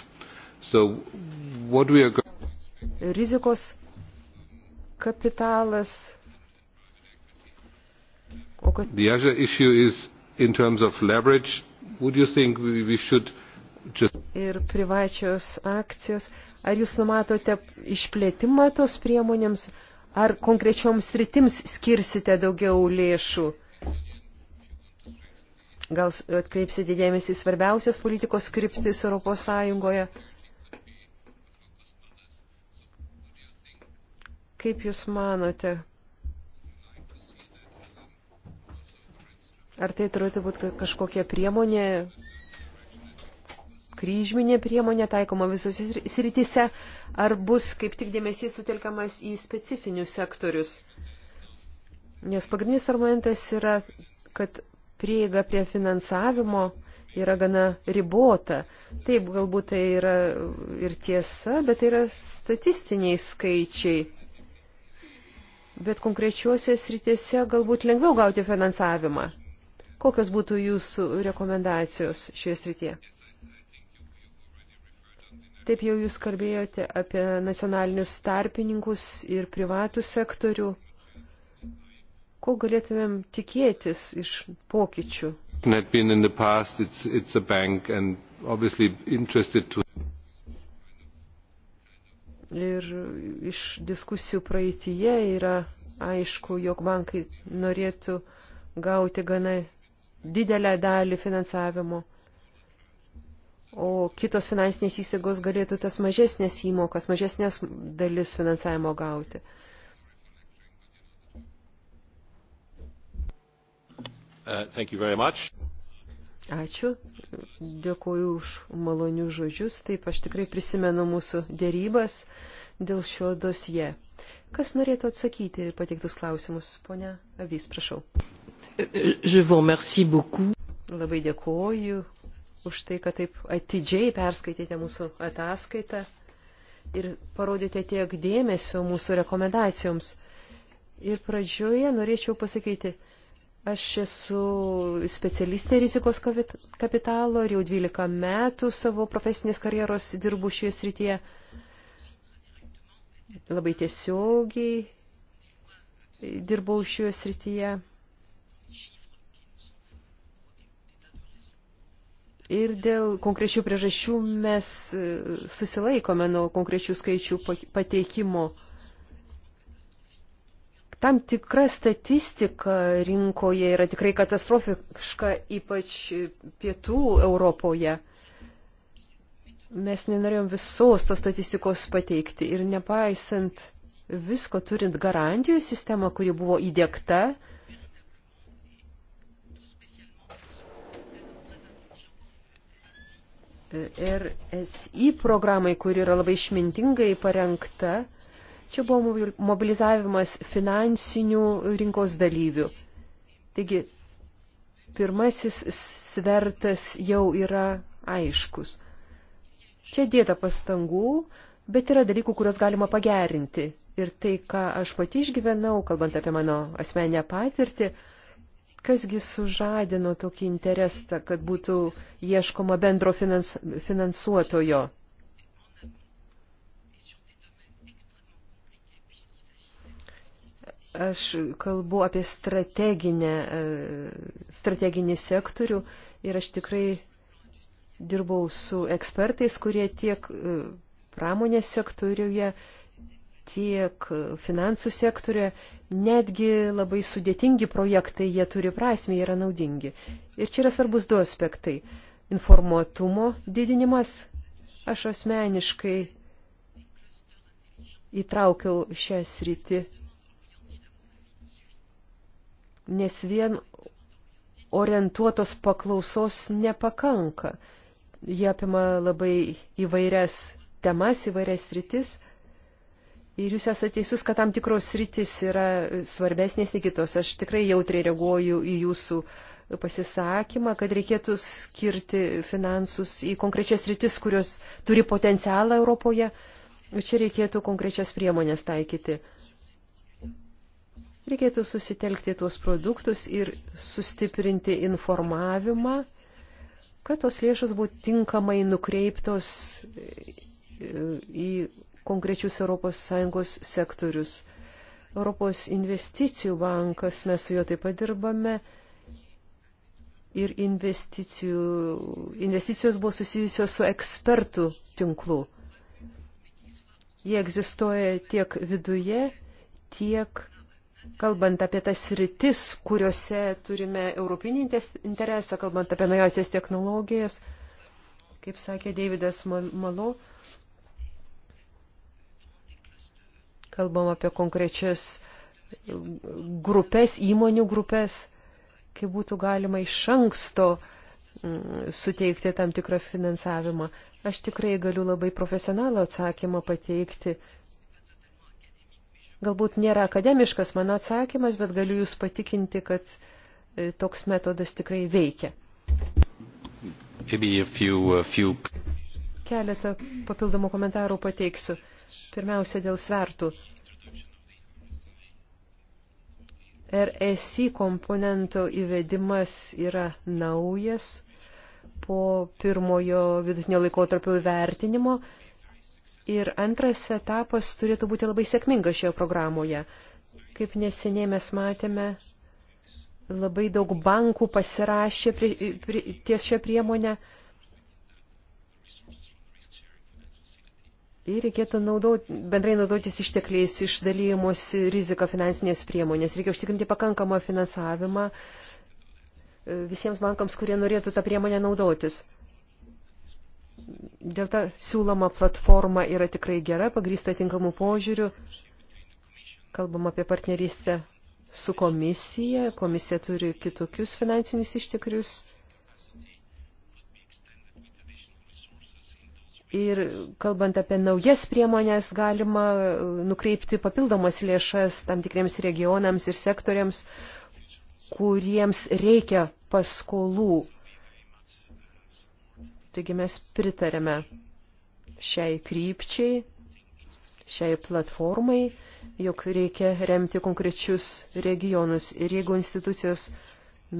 So, what we are... Rizikos kapitalas. O kad... The other issue is in terms of leverage. Would you think we should just... Ir privačios akcijos. Ar jūs numatote išplėtimą tos priemonėms, ar konkrečioms sritims skirsite daugiau lėšų? Gal atkreipsite dėmesį svarbiausias politikos skriptis Europos Sąjungoje? Kaip Jūs manote, ar tai turėtų būti kažkokia priemonė, kryžminė priemonė taikoma visose srityse, ar bus kaip tik dėmesys sutelkamas į specifinius sektorius? Nes pagrindinis argumentas yra, kad prieiga prie finansavimo yra gana ribota. Taip, galbūt tai yra ir tiesa, bet tai yra statistiniai skaičiai bet konkrečiuose sritėse galbūt lengviau gauti finansavimą. Kokios būtų jūsų rekomendacijos šioje srityje? Taip jau jūs kalbėjote apie nacionalinius tarpininkus ir privatų sektorių. Ko galėtumėm tikėtis iš pokyčių? Net been in the past, it's, it's a bank and obviously interested to Ir iš diskusijų praeitįje yra aišku, jog bankai norėtų gauti gana didelę dalį finansavimo, o kitos finansinės įstaigos galėtų tas mažesnės įmokas, mažesnės dalis finansavimo gauti. Uh, thank you very much. Ačiū dėkoju už malonių žodžius. Taip, aš tikrai prisimenu mūsų dėrybas dėl šio dosie. Kas norėtų atsakyti į pateiktus klausimus? Pone Avys, prašau. Labai dėkoju už tai, kad taip atidžiai perskaitėte mūsų ataskaitą ir parodėte tiek dėmesio mūsų rekomendacijoms. Ir pradžioje norėčiau pasakyti, Aš esu specialistė rizikos kapitalo ir jau 12 metų savo profesinės karjeros dirbu šioje srityje labai tiesiogiai dirbau šioje srityje. Ir dėl konkrečių priežasčių mes e, susilaikome nuo konkrečių skaičių pateikimo tam tikra statistika rinkoje yra tikrai katastrofiška, ypač pietų Europoje. Mes nenorėjom visos tos statistikos pateikti ir nepaisant visko turint garantijų sistemą, kuri buvo įdėkta, e RSI programai, kuri yra labai išmintingai parengta, Čia buvo mobilizavimas finansinių rinkos dalyvių. Taigi, pirmasis svertas jau yra aiškus. Čia dėta pastangų, bet yra dalykų, kuriuos galima pagerinti. Ir tai, ką aš pati išgyvenau, kalbant apie mano asmenę patirtį, kasgi sužadino tokį interesą, kad būtų ieškoma bendro finans, finansuotojo Aš kalbu apie strateginę, e, strateginį sektorių ir aš tikrai dirbau su ekspertais, kurie tiek e, pramonės sektoriuje, tiek finansų sektoriuje, netgi labai sudėtingi projektai, jie turi prasme, jie yra naudingi. Ir čia yra svarbus du aspektai. Informuotumo didinimas. Aš asmeniškai įtraukiau šią sritį nes vien orientuotos paklausos nepakanka. Jie apima labai įvairias temas, įvairias rytis. Ir jūs esate teisus, kad tam tikros rytis yra svarbesnės nei kitos. Aš tikrai jautriai reaguoju į jūsų pasisakymą, kad reikėtų skirti finansus į konkrečias rytis, kurios turi potencialą Europoje. Čia reikėtų konkrečias priemonės taikyti. Reikėtų susitelkti tuos produktus ir sustiprinti informavimą, kad tos lėšos būtų tinkamai nukreiptos e, į konkrečius ES sektorius. Europos investicijų bankas, mes su juo taip pat dirbame, ir investicijos buvo susijusios su ekspertų tinklu. Jie egzistuoja tiek viduje, tiek kalbant apie tas rytis, kuriuose turime europinį interesą, kalbant apie naujausias technologijas, kaip sakė Deividas Malo, kalbam apie konkrečias e, grupės, įmonių grupės, kaip būtų galima iš anksto mm, suteikti tam tikrą finansavimą. Aš tikrai galiu labai profesionalą atsakymą pateikti galbūt nėra akademiškas mano atsakymas, bet galiu Jūs patikinti, kad e, toks metodas tikrai veikia. A few, a few... Keletą papildomų komentarų pateiksiu. Pirmiausia, dėl svertų. RSI komponento įvedimas yra naujas po pirmojo vidutinio laikotarpio įvertinimo Ir antras etapas turėtų būti labai sėkmingas šioje programoje. Kaip neseniai mes matėme, labai daug bankų pasirašė prie, prie, ties šią priemonę. Ir reikėtų naudot, bendrai naudotis ištekliais iš dalymosi riziką finansinės priemonės. Reikia užtikrinti pakankamą finansavimą e, visiems bankams, kurie norėtų tą priemonę naudotis. Dėl ta siūloma platforma yra tikrai gera, pagrįsta tinkamų požiūrių. Kalbam apie partnerystę su komisija. Komisija turi kitokius finansinius išteklius. Ir kalbant apie naujas priemonės, galima nukreipti papildomas lėšas tam tikriems regionams ir sektoriams, kuriems reikia paskolų Taigi mes pritarėme šiai krypčiai, šiai platformai, jog reikia remti konkrečius regionus. Ir jeigu institucijos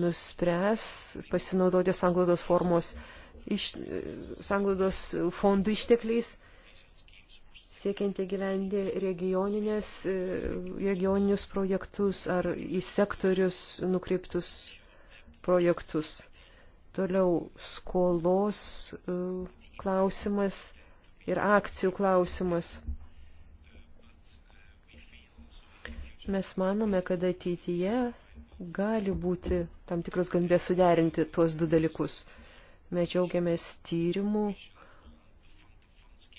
nuspręs pasinaudoti sanglaudos formos, iš, sanglaudos fondų ištekliais, siekiant įgyvendi regioninius projektus ar į sektorius nukreiptus projektus. Toliau skolos e, klausimas ir akcijų klausimas. Mes manome, kad ateityje gali būti tam tikros galimybės suderinti tuos du dalykus. Mes džiaugiamės tyrimų,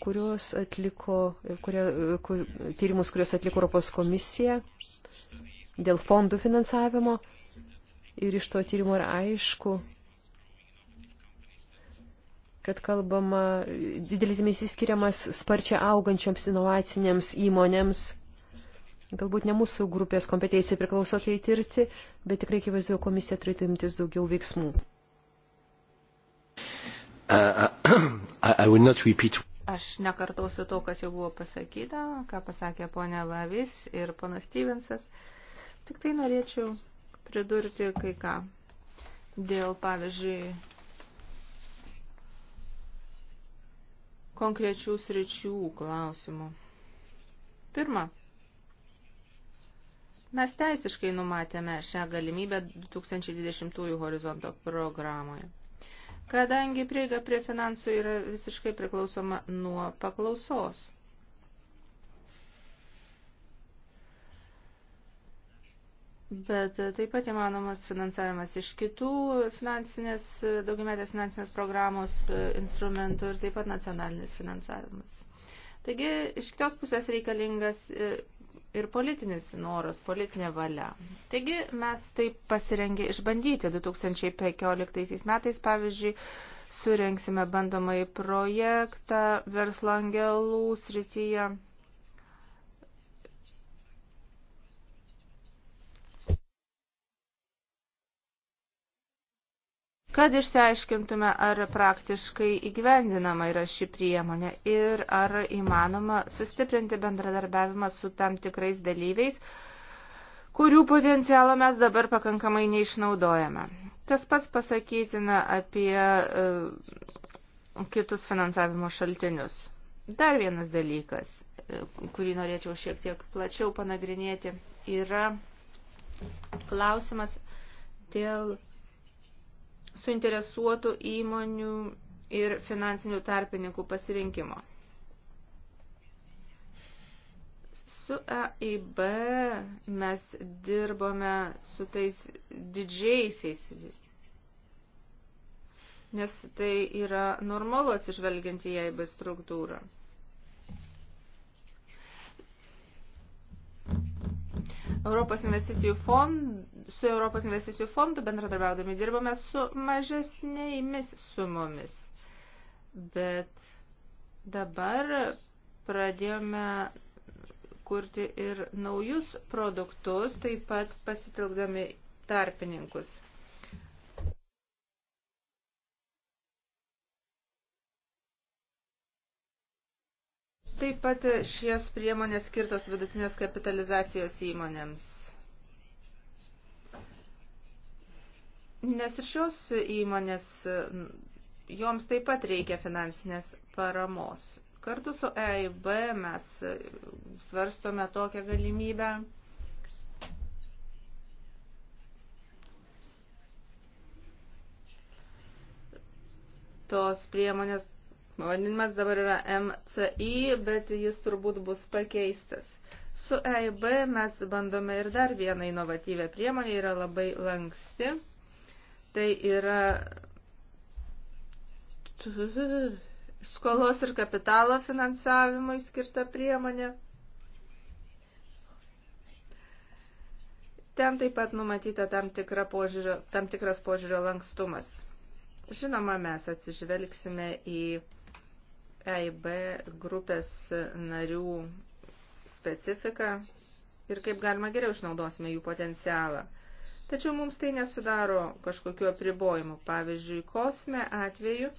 kurios atliko, kurie, kur, tyrimus, kurios atliko Europos komisija dėl fondų finansavimo. Ir iš to tyrimo yra aišku, kad kalbama, didelis dėmesys skiriamas sparčiai augančioms inovacinėms įmonėms. Galbūt ne mūsų grupės kompetencijai priklauso tai tirti, bet tikrai akivaizdu, komisija turėtų imtis daugiau veiksmų. Uh, uh, Aš nekartausiu to, kas jau buvo pasakyta, ką pasakė ponia Vavis ir ponas Stevensas. Tik tai norėčiau pridurti kai ką. Dėl, pavyzdžiui, konkrečių sričių klausimų. Pirma, mes teisiškai numatėme šią galimybę 2020 horizonto programoje. Kadangi prieiga prie finansų yra visiškai priklausoma nuo paklausos. Bet e, taip pat įmanomas finansavimas iš kitų finansinės, e, daugiametės finansinės programos e, instrumentų ir taip pat nacionalinis finansavimas. Taigi, iš kitos pusės reikalingas ir politinis noras, politinė valia. Taigi mes taip pasirengė išbandyti. 2015 metais, pavyzdžiui, surenksime bandomąjį projektą verslo angelų srityje. kad išsiaiškintume, ar praktiškai įgyvendinama yra ši priemonė ir ar įmanoma sustiprinti bendradarbiavimą su tam tikrais dalyviais, kurių potencialo mes dabar pakankamai neišnaudojame. Tas pats pasakytina apie e, kitus finansavimo šaltinius. Dar vienas dalykas, e, kurį norėčiau šiek tiek plačiau panagrinėti, yra klausimas dėl suinteresuotų įmonių ir finansinių tarpininkų pasirinkimo. Su EIB mes dirbome su tais didžiaisiais, nes tai yra normalu atsižvelgiant į EIB struktūrą. Europos investicijų fond, su Europos investicijų fondu bendradarbiaudami dirbame su mažesnėmis sumomis. Bet dabar pradėjome kurti ir naujus produktus, taip pat pasitelkdami tarpininkus. Taip pat šios priemonės skirtos vidutinės kapitalizacijos įmonėms. Nes ir šios įmonės, joms taip pat reikia finansinės paramos. Kartu su EIB mes svarstome tokią galimybę. Tos priemonės Vadinimas dabar yra MCI, bet jis turbūt bus pakeistas. Su EIB mes bandome ir dar vieną inovatyvę priemonę, yra labai lanksti. Tai yra skolos ir kapitalo finansavimui skirta priemonė. Ten taip pat numatyta tam, tikra požiūrio, tam tikras požiūrio lankstumas. Žinoma, mes atsižvelgsime į EIB grupės narių specifiką ir kaip galima geriau išnaudosime jų potencialą. Tačiau mums tai nesudaro kažkokiu apribojimu. Pavyzdžiui, kosme atveju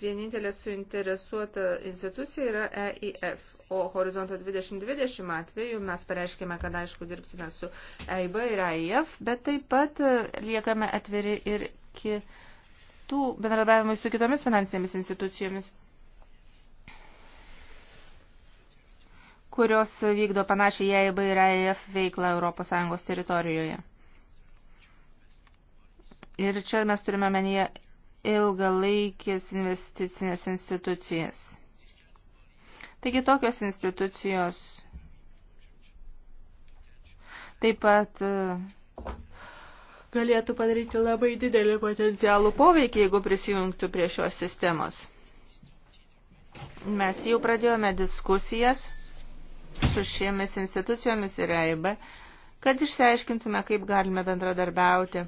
vienintelė suinteresuota institucija yra EIF, o Horizonto 2020 atveju mes pareiškėme, kad aišku dirbsime su EIB ir EIF, bet taip pat e, liekame atviri ir kitų bendradarbiavimui su kitomis finansinėmis institucijomis kurios vykdo panašiai e JAIB ir AEF veiklą ES teritorijoje. Ir čia mes turime menyje ilgalaikės investicinės institucijas. Taigi tokios institucijos taip pat e, galėtų padaryti labai didelį potencialų poveikį, jeigu prisijungtų prie šios sistemos. Mes jau pradėjome diskusijas su šiomis institucijomis ir EIB, kad išsiaiškintume, kaip galime bendradarbiauti.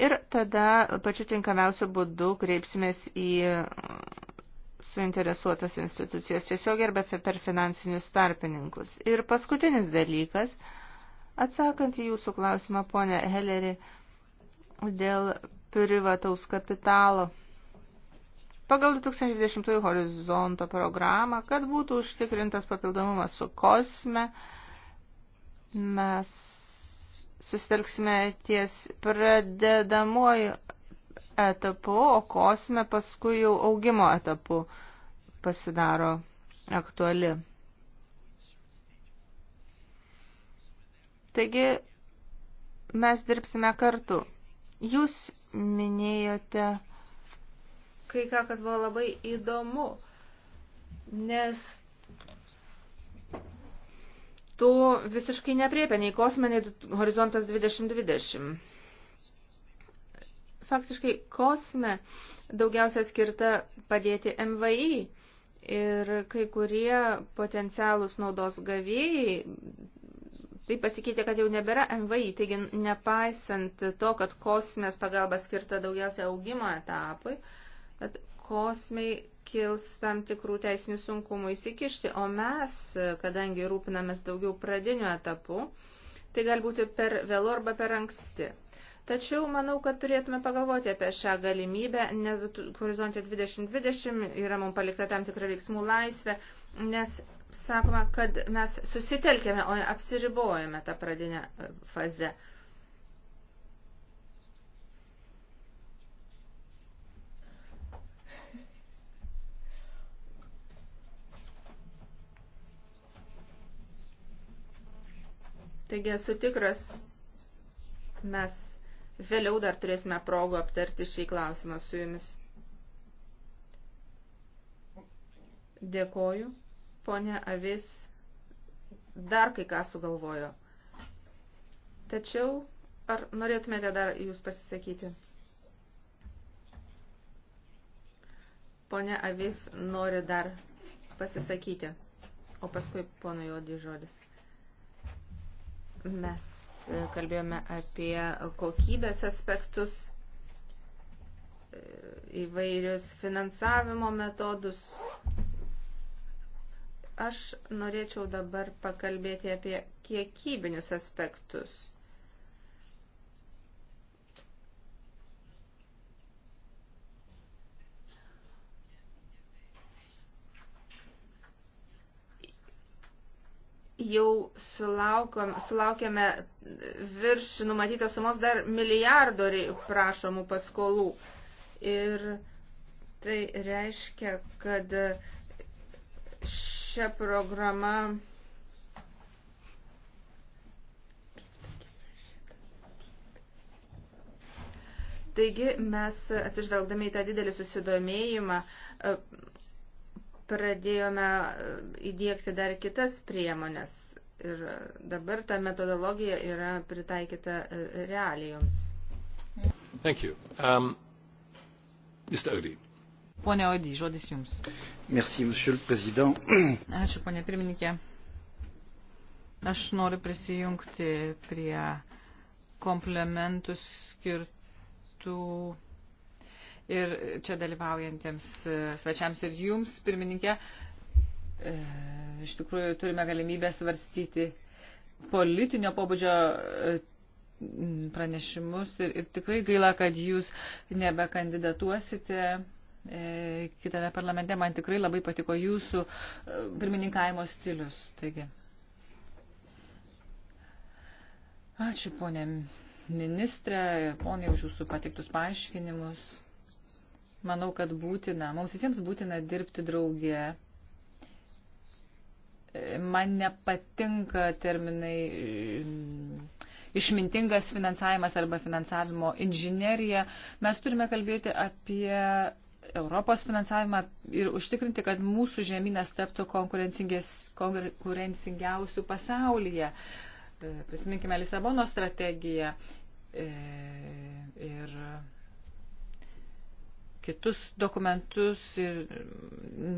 Ir tada pačiu tinkamiausiu būdu kreipsimės į suinteresuotas institucijas tiesiog arba per finansinius tarpininkus. Ir paskutinis dalykas, atsakant į jūsų klausimą, ponė Heleri, dėl privataus kapitalo pagal 2020 horizonto programą, kad būtų užtikrintas papildomumas su kosme. Mes susitelksime ties pradedamuoju etapu, o kosme paskui jau augimo etapu pasidaro aktuali. Taigi mes dirbsime kartu. Jūs minėjote kai ką, kas buvo labai įdomu, nes tu visiškai nepriepia nei kosminį horizontas 2020. Faktiškai kosme daugiausia skirta padėti MVI ir kai kurie potencialūs naudos gavėjai Tai pasikeitė, kad jau nebėra MVI, taigi nepaisant to, kad kosmės pagalba skirta daugiausia augimo etapui, uh, kad kosmiai kils tam tikrų teisinių sunkumų įsikišti, o mes, kadangi rūpinamės daugiau pradinių etapų, tai gali būti per vėlu arba per anksti. Tačiau manau, kad turėtume pagalvoti apie šią galimybę, nes horizontė 2020 yra mums palikta tam tikra veiksmų laisvė, nes sakoma, kad mes susitelkėme, o apsiribojame tą pradinę e, fazę. Taigi esu tikras, mes vėliau dar turėsime progų aptarti šį klausimą su jumis. Dėkoju. Pone Avis dar kai ką sugalvojo. Tačiau ar norėtumėte dar jūs pasisakyti? Pone Avis nori dar pasisakyti, o paskui pono Jodį žodis. Mes e, kalbėjome apie kokybės aspektus, e, įvairius finansavimo metodus. Aš norėčiau dabar pakalbėti apie kiekybinius aspektus – jau sulaukom, sulaukėme virš numatytos sumos dar milijardų prašomų paskolų. Ir tai reiškia, kad šią programą Taigi mes atsižvelgdami į tą didelį susidomėjimą pradėjome e, įdėkti dar kitas priemonės ir dabar ta metodologija yra pritaikyta e, realijoms. Thank you. Um, Mr. Odi. Pone Odi, žodis Jums. Merci, Monsieur le Président. Ačiū, ponė pirmininkė. Aš noriu prisijungti prie komplementų skirtų ir čia dalyvaujantiems e, svečiams ir jums, pirmininkė. E, iš tikrųjų, turime galimybę svarstyti politinio pobūdžio e, pranešimus ir, ir tikrai gaila, kad jūs nebekandidatuosite kitame parlamente. Man tikrai labai patiko jūsų pirmininkavimo stilius. Taigi. Ačiū, ponė ministrė, ponė, už jūsų patiktus paaiškinimus. Manau, kad būtina, mums visiems būtina dirbti draugė. Man nepatinka terminai mm, išmintingas finansavimas arba finansavimo inžinerija. Mes turime kalbėti apie Europos finansavimą ir užtikrinti, kad mūsų žemynas taptų konkurencingiausių pasaulyje. E, prisiminkime Lisabono strategiją e, ir kitus dokumentus ir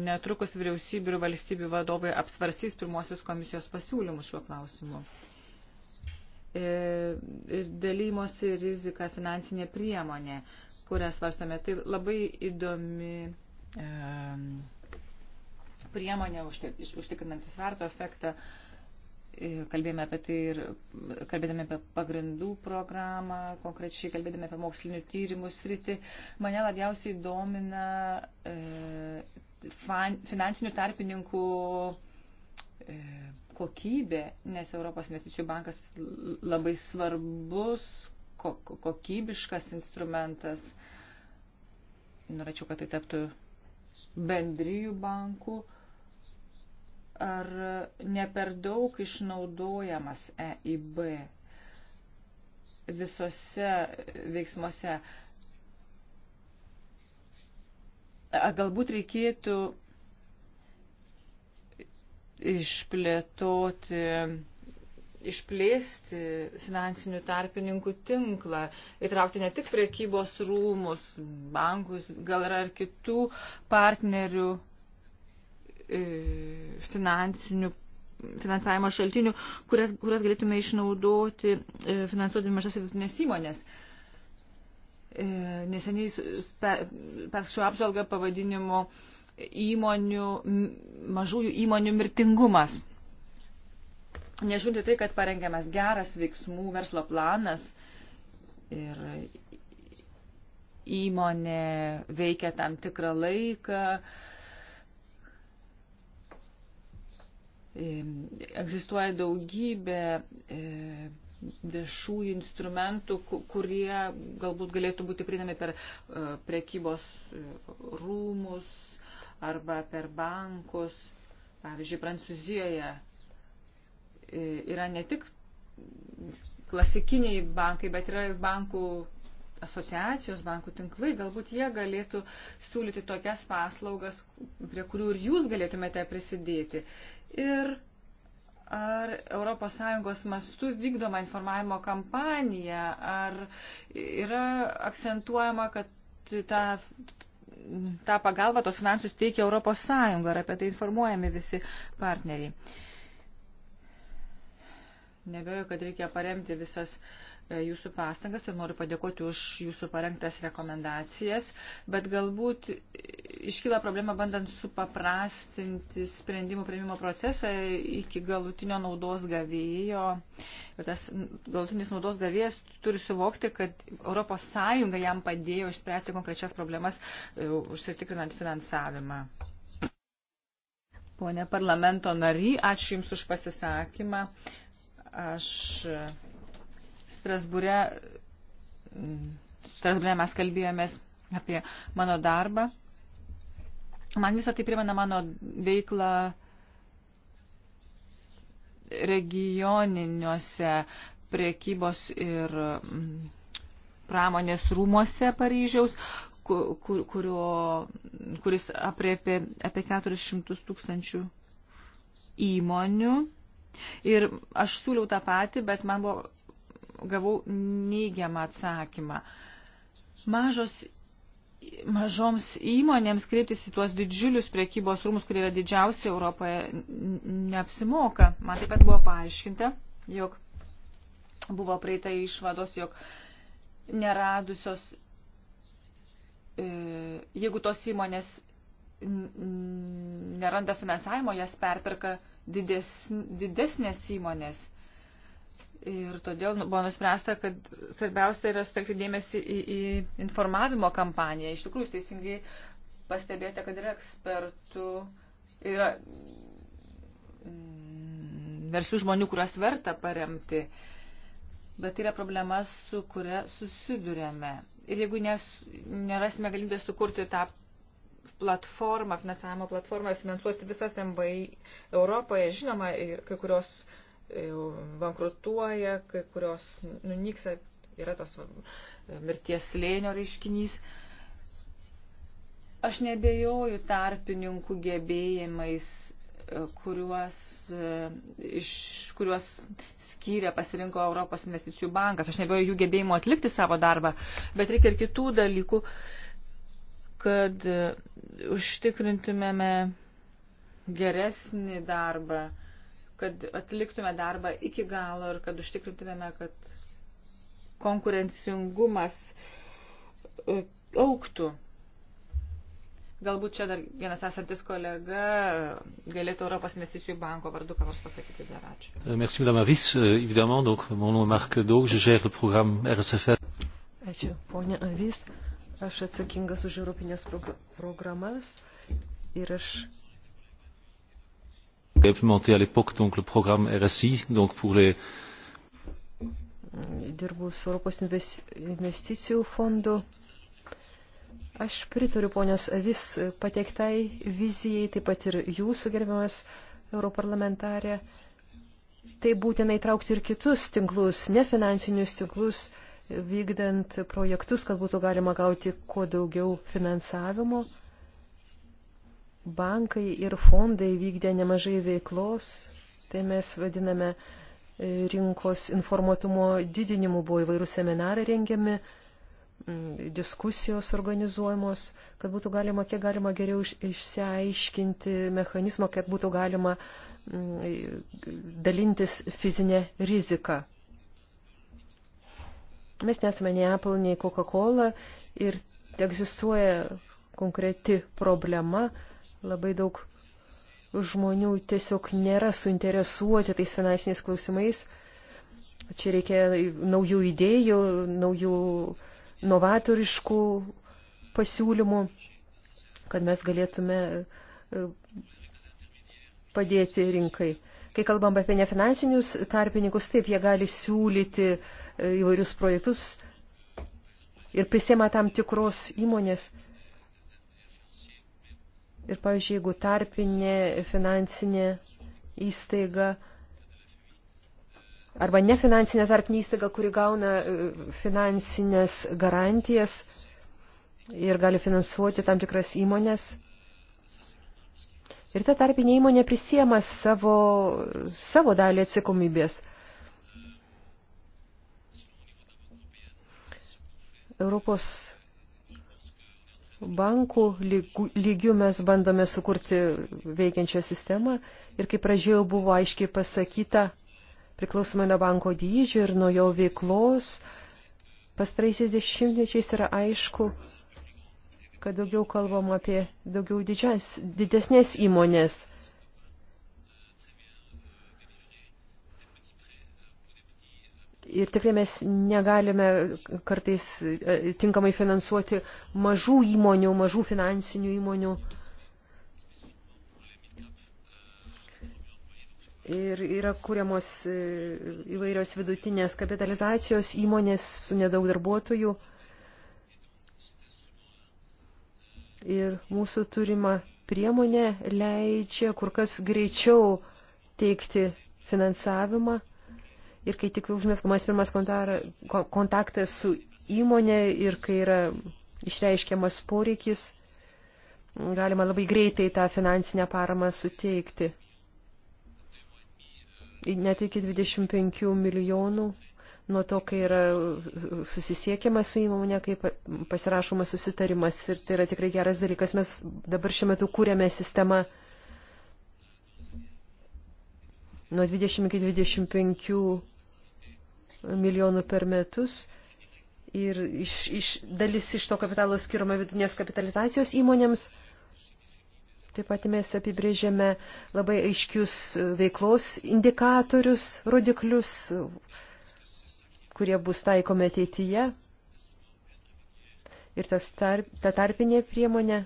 netrukus vyriausybių ir valstybių vadovai apsvarstys pirmosius komisijos pasiūlymus šiuo klausimu. Ir e, dalymosi rizika finansinė priemonė, kurią svarstame. Tai labai įdomi e, priemonė užtikrinantis varto efektą. E, E, kalbėjome apie tai ir kalbėdami apie pagrindų programą, konkrečiai kalbėdami apie mokslinių tyrimų sritį, mane labiausiai domina e, fan, finansinių tarpininkų e, kokybė, nes Europos investicijų bankas labai svarbus, kokybiškas instrumentas. Norėčiau, kad tai taptų bendryjų bankų. E, ar ne per daug išnaudojamas EIB visose veiksmuose. Galbūt reikėtų išplėtoti, išplėsti finansinių tarpininkų tinklą, įtraukti ne tik prekybos rūmus, bankus, gal yra ir kitų partnerių E, finansinių finansavimo šaltinių, kurias, kurias galėtume išnaudoti e, finansuodami mažas ir vidutinės įmonės. E, neseniai perskaičiau apžvalgą pavadinimu įmonių, mažųjų įmonių mirtingumas. Nežiūrint tai, kad parengiamas geras veiksmų verslo planas ir įmonė veikia tam tikrą laiką, egzistuoja daugybė e, viešųjų instrumentų, kurie galbūt galėtų būti prieinami per e, prekybos e, rūmus arba per bankus. Pavyzdžiui, Prancūzijoje yra ne tik klasikiniai bankai, bet yra ir bankų asociacijos, bankų tinklai. Galbūt jie galėtų siūlyti tokias paslaugas, prie kurių ir jūs galėtumėte prisidėti ir ar ES mastu vykdoma informavimo kampanija, ar yra akcentuojama, kad tą, tą pagalbą, tos finansus teikia ES, ar apie tai informuojami visi partneriai. Nebejoju, kad reikia paremti visas uh, E, jūsų pastangas ir noriu padėkoti už jūsų parengtas rekomendacijas, bet galbūt iškyla problema bandant supaprastinti sprendimų prieimimo procesą iki galutinio naudos gavėjo. Ir tas galutinis naudos gavėjas turi suvokti, kad ES jam padėjo išspręsti konkrečias problemas, e, užsitikrinant finansavimą. Pone parlamento nary, ačiū Jums už pasisakymą. Aš Strasbūre, Strasbūre mes kalbėjomės apie mano darbą. Man visą tai primena mano veiklą regioniniuose priekybos ir mm, pramonės rūmuose Paryžiaus, kur, kurio, kuris apriepė apie 400 tūkstančių įmonių. Ir aš siūliau tą patį, bet man buvo gavau neigiamą atsakymą. Mažos, mažoms įmonėms kreiptis į tuos didžiulius priekybos rūmus, kurie yra didžiausi Europoje, neapsimoka. Man taip pat buvo paaiškinta, jog buvo praeita išvados, jog neradusios, e, jeigu tos įmonės neranda finansavimo, jas perperka dides, didesnės įmonės. Ir todėl nu, buvo nuspręsta, kad svarbiausia yra sutelkti dėmesį į, į informavimo kampaniją. Iš tikrųjų, teisingai pastebėjote, kad yra ekspertų, yra mm, verslių žmonių, kuriuos verta paremti, bet yra problema, su kuria susidurėme. Ir jeigu nes, nerasime galimybę sukurti tą platformą, finansavimo platformą, finansuoti visas MVI Europoje, žinoma, kai kurios bankrutuoja, kai kurios nunyksa, yra tas e, mirties slėnio reiškinys. Aš nebejoju tarpininkų gebėjimais, e, kuriuos, e, iš, kuriuos skyrė, pasirinko Europos investicijų bankas. Aš nebejoju jų gebėjimo atlikti savo darbą, bet reikia ir kitų dalykų, kad užtikrintumėme geresnį darbą kad atliktume darbą iki galo ir kad užtikrintumėme, kad konkurencingumas e, auktų. Galbūt čia dar vienas esantis kolega galėtų Europos investicijų banko vardu ką nors pasakyti dar ačiū. Euh, merci, madame Avis. Euh, évidemment, donc, mon nom est Marc Daug, je gère le programme RSFR. Ačiū, ponia Avis. Aš atsakingas už europinės pro programas ir aš implémenté à l'époque donc le programme RSI donc pour les dirbau su Europos investicijų fondu. Aš pritariu ponios vis pateiktai vizijai, taip pat ir jūsų gerbiamas europarlamentarė. Tai būtinai traukti ir kitus tinklus, nefinansinius tinklus, vykdant projektus, kad būtų galima gauti kuo daugiau finansavimo bankai ir fondai vykdė nemažai veiklos, tai mes vadiname e, rinkos informuotumo didinimu, buvo įvairių seminarai rengiami, diskusijos organizuojamos, kad būtų galima, kiek galima geriau išsiaiškinti mechanizmą, kad būtų galima e, dalintis fizinę riziką. Mes nesame nei Apple, nei Coca-Cola ir egzistuoja konkreti problema, Labai daug žmonių tiesiog nėra suinteresuoti tais finansiniais klausimais. Čia reikia naujų idėjų, naujų novatoriškų pasiūlymų, kad mes galėtume e, padėti rinkai. Kai kalbam apie nefinansinius tarpininkus, taip jie gali siūlyti e, įvairius projektus ir prisėma tam tikros įmonės Ir, pavyzdžiui, jeigu tarpinė finansinė įstaiga arba nefinansinė tarpinė įstaiga, kuri gauna e, finansinės garantijas ir gali finansuoti tam tikras įmonės, Ir ta tarpinė įmonė prisiema savo, savo dalį atsakomybės. Europos bankų lygių mes bandome sukurti veikiančią sistemą ir kaip pradžioje buvo aiškiai pasakyta, priklausomai nuo banko dydžio ir nuo jo veiklos, pastraisiais dešimtmečiais yra aišku, kad daugiau kalbam apie daugiau didžias, didesnės įmonės Ir tikrai mes negalime kartais e, tinkamai finansuoti mažų įmonių, mažų finansinių įmonių. Ir yra kūriamos e, įvairios vidutinės kapitalizacijos įmonės su nedaug darbuotojų. Ir mūsų turima priemonė leidžia kur kas greičiau teikti finansavimą ir kai tik užmėskamas pirmas kontaktas su įmonė ir kai yra išreiškiamas poreikis, galima labai greitai tą finansinę paramą suteikti. Net iki 25 milijonų nuo to, kai yra susisiekiama su įmonė, kai pasirašomas susitarimas ir tai yra tikrai geras dalykas. Mes dabar šiuo metu kūrėme sistemą nuo 20 iki 25 milijonų per metus ir iš, iš, dalis iš to kapitalo skiroma vidinės kapitalizacijos įmonėms. Taip pat mes apibrėžėme labai aiškius veiklos indikatorius, rodiklius, kurie bus taikomi ateityje. Ir tas tarp, ta tarpinė priemonė,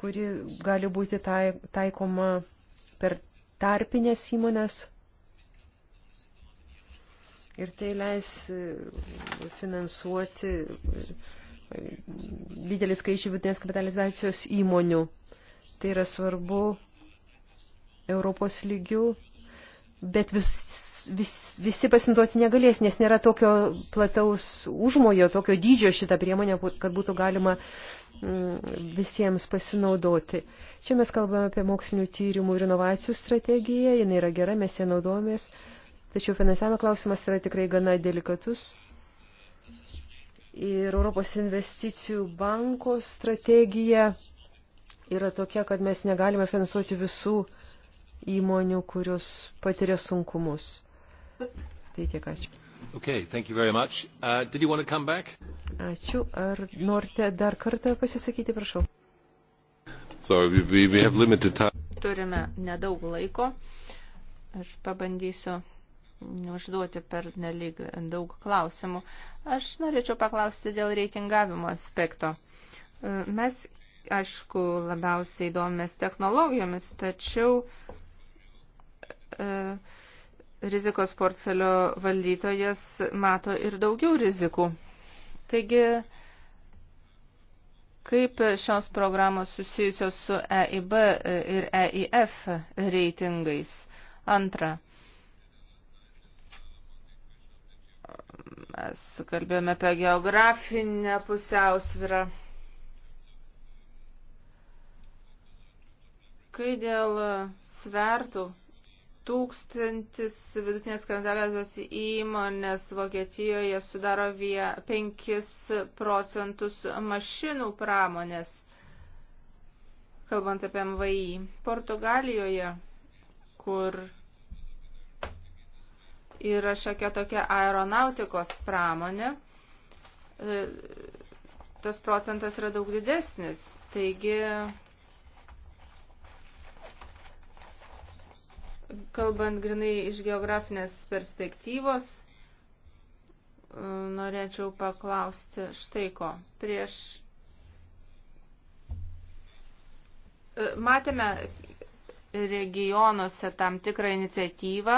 kuri gali būti tai, taikoma per tarpinės įmonės. Ir tai leis e, finansuoti e, didelį skaičių vidutinės kapitalizacijos įmonių. Tai yra svarbu Europos lygių, bet vis vis, visi pasinduoti negalės, nes nėra tokio plataus užmojo, tokio dydžio šitą priemonę, kad būtų galima mm, visiems pasinaudoti. Čia mes kalbame apie mokslinių tyrimų ir inovacijų strategiją, jinai yra gera, mes ją naudojamės, tačiau finansavimo klausimas yra tikrai gana delikatus. Ir Europos investicijų banko strategija yra tokia, kad mes negalime finansuoti visų įmonių, kurios patiria sunkumus. Tai tiek ačiū. Okay, thank you very much. Uh, did you want to come back? Ačiū. Ar norite dar kartą pasisakyti, prašau? So we, we have limited time. Turime nedaug laiko. Aš pabandysiu užduoti per nelig daug klausimų. Aš norėčiau paklausti dėl reitingavimo aspekto. E, mes, aišku, labiausiai įdomės technologijomis, tačiau e, rizikos portfelio valdytojas mato ir daugiau rizikų. Taigi, kaip šios programos susijusios su EIB ir EIF reitingais? Antra. Mes kalbėjome apie geografinę pusiausvyrą. Kai dėl svertų tūkstantis vidutinės skandalės įmonės Vokietijoje sudaro 5 procentus mašinų pramonės, kalbant apie MVI. Portugalijoje, kur yra šiokia tokia aeronautikos pramonė, e, tas procentas yra daug didesnis. Taigi Kalbant grinai iš geografinės perspektyvos, e, norėčiau paklausti štai ko. Prieš e, matėme regionuose tam tikrą iniciatyvą,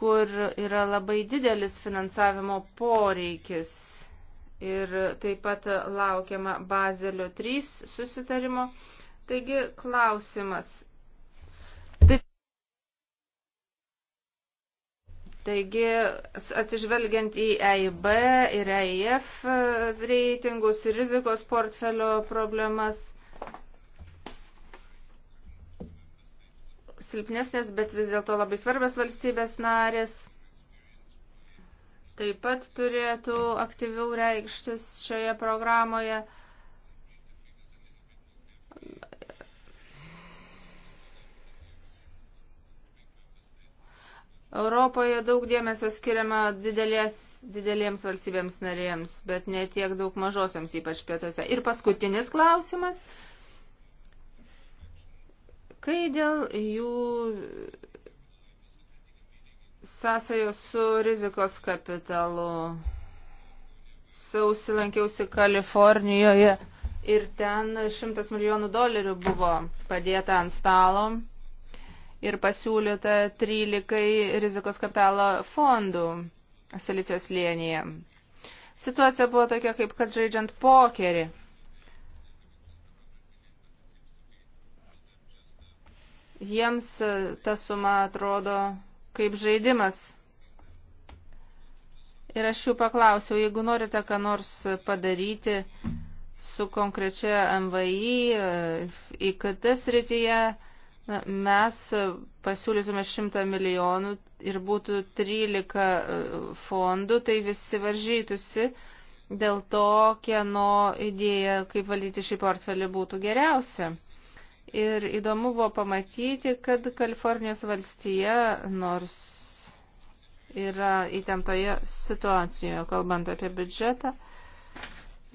kur yra labai didelis finansavimo poreikis ir taip pat laukiama Bazelio 3 susitarimo. Taigi klausimas, Taigi, atsižvelgiant į EIB ir EIF e, reitingus ir rizikos portfelio problemas, silpnesnės, bet vis dėlto labai svarbios valstybės narės taip pat turėtų aktyviau reikštis šioje programoje. Europoje daug dėmesio skiriama didelės, didelėms valstybėms narėms, bet ne tiek daug mažosiams, ypač pietuose. Ir paskutinis klausimas. Kai dėl jų sąsajos su rizikos kapitalu sausį lankiausi Kalifornijoje ir ten šimtas milijonų dolerių buvo padėta ant stalo ir pasiūlyta 13 rizikos kapitalo fondų silicijos lėnyje. Situacija buvo tokia, kaip kad žaidžiant pokerį. Jiems ta suma atrodo kaip žaidimas. Ir aš jų paklausiau, jeigu norite ką nors padaryti su konkrečia MVI, IKT srityje, Na, mes e, pasiūlytume 100 milijonų ir būtų 13 e, fondų, tai visi varžytųsi dėl to, kieno idėja, kaip valdyti šį portfelį, būtų geriausia. Ir įdomu buvo pamatyti, kad Kalifornijos valstija, nors yra įtemptoje situacijoje, kalbant apie biudžetą,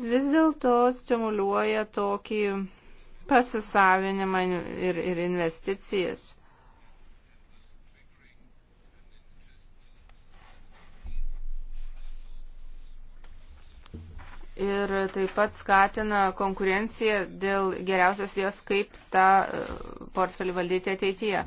vis dėlto stimuliuoja tokį pasisavinimą ir, ir investicijas. ir taip pat skatina konkurenciją dėl geriausios jos, kaip tą e, portfelį valdyti ateityje.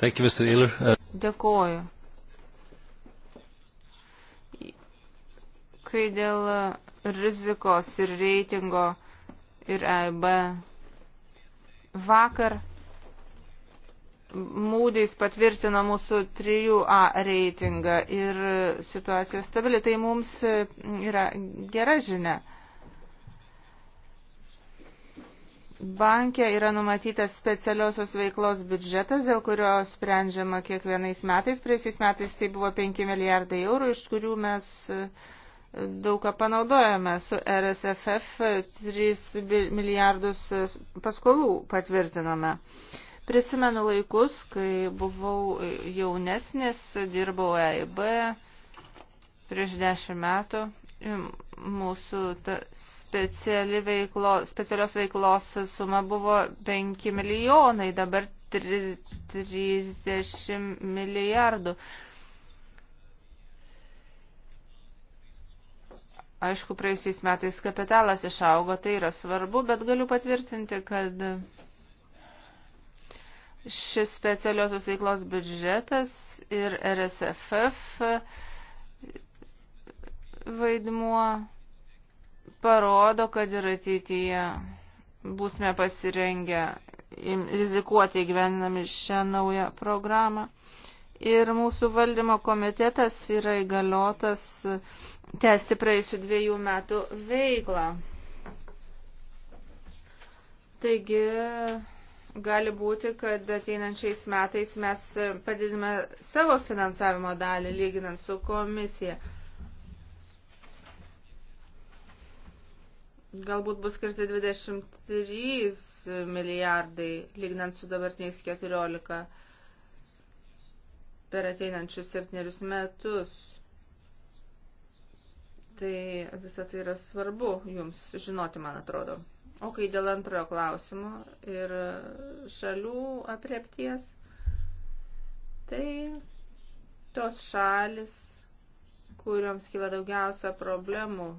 Thank you, Mr. Eiler. Uh, Dėkoju. Kai dėl uh, rizikos ir reitingo ir AIB vakar Mūdys patvirtino mūsų 3A reitingą ir situacija stabili. Tai mums uh, yra gera žinia. Bankė yra numatytas specialiosios veiklos biudžetas, dėl kurio sprendžiama kiekvienais metais. Praėjusiais metais tai buvo 5 milijardai eurų, iš kurių mes e, daugą panaudojame su RSFF 3 milijardus e, paskolų patvirtinome. Prisimenu laikus, kai buvau jaunesnis, dirbau EIB prieš dešimt metų mūsų speciali veiklo, specialios veiklos suma buvo 5 milijonai, dabar 30 milijardų. Aišku, praėjusiais metais kapitalas išaugo, tai yra svarbu, bet galiu patvirtinti, kad šis specialiosios veiklos biudžetas ir RSFF vaidmuo parodo, kad ir ateityje būsime pasirengę rizikuoti gyvenami šią naują programą. Ir mūsų valdymo komitetas yra įgaliotas tęsti praėjusių dviejų metų veiklą. Taigi gali būti, kad ateinančiais metais mes padidime savo finansavimo dalį lyginant su komisija. galbūt bus skirti 23 milijardai, lygnant su dabartiniais 14 per ateinančius septynerius metus. Tai visą tai yra svarbu jums žinoti, man atrodo. O kai dėl antrojo klausimo ir šalių apriepties, tai tos šalis, kuriuoms kyla daugiausia problemų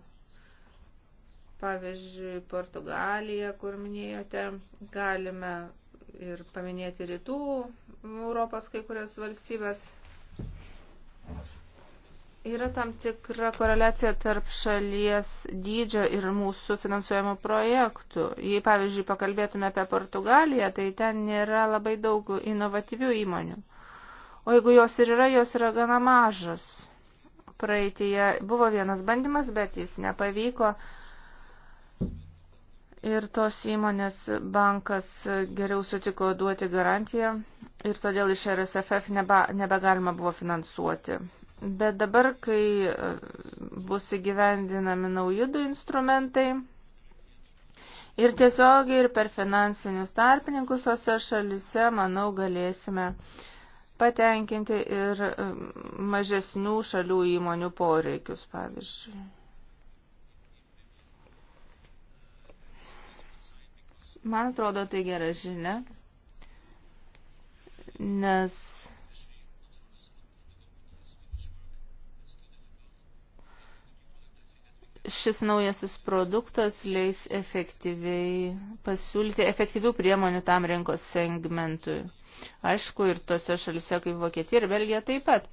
Pavyzdžiui, Portugalija, kur minėjote, galime ir paminėti rytų Europos kai kurias valstybės. Yra tam tikra koreliacija tarp šalies dydžio ir mūsų finansuojamų projektų. Jei, pavyzdžiui, pakalbėtume apie Portugaliją, tai ten nėra labai daug inovatyvių įmonių. O jeigu jos ir yra, jos yra gana mažos. Praeitėje buvo vienas bandymas, bet jis nepavyko ir tos įmonės bankas geriau sutiko duoti garantiją ir todėl iš RSFF neba, nebegalima buvo finansuoti. Bet dabar, kai e, bus įgyvendinami nauji du instrumentai ir tiesiogiai ir per finansinius tarpininkus tose šalise, manau, galėsime patenkinti ir e, mažesnių šalių įmonių poreikius, pavyzdžiui. Man atrodo, tai gera žinia, nes šis naujasis produktas leis efektyviai pasiūlyti efektyvių priemonių tam rinkos segmentui. Aišku, ir tose šalise kaip Vokietija ir Belgija taip pat,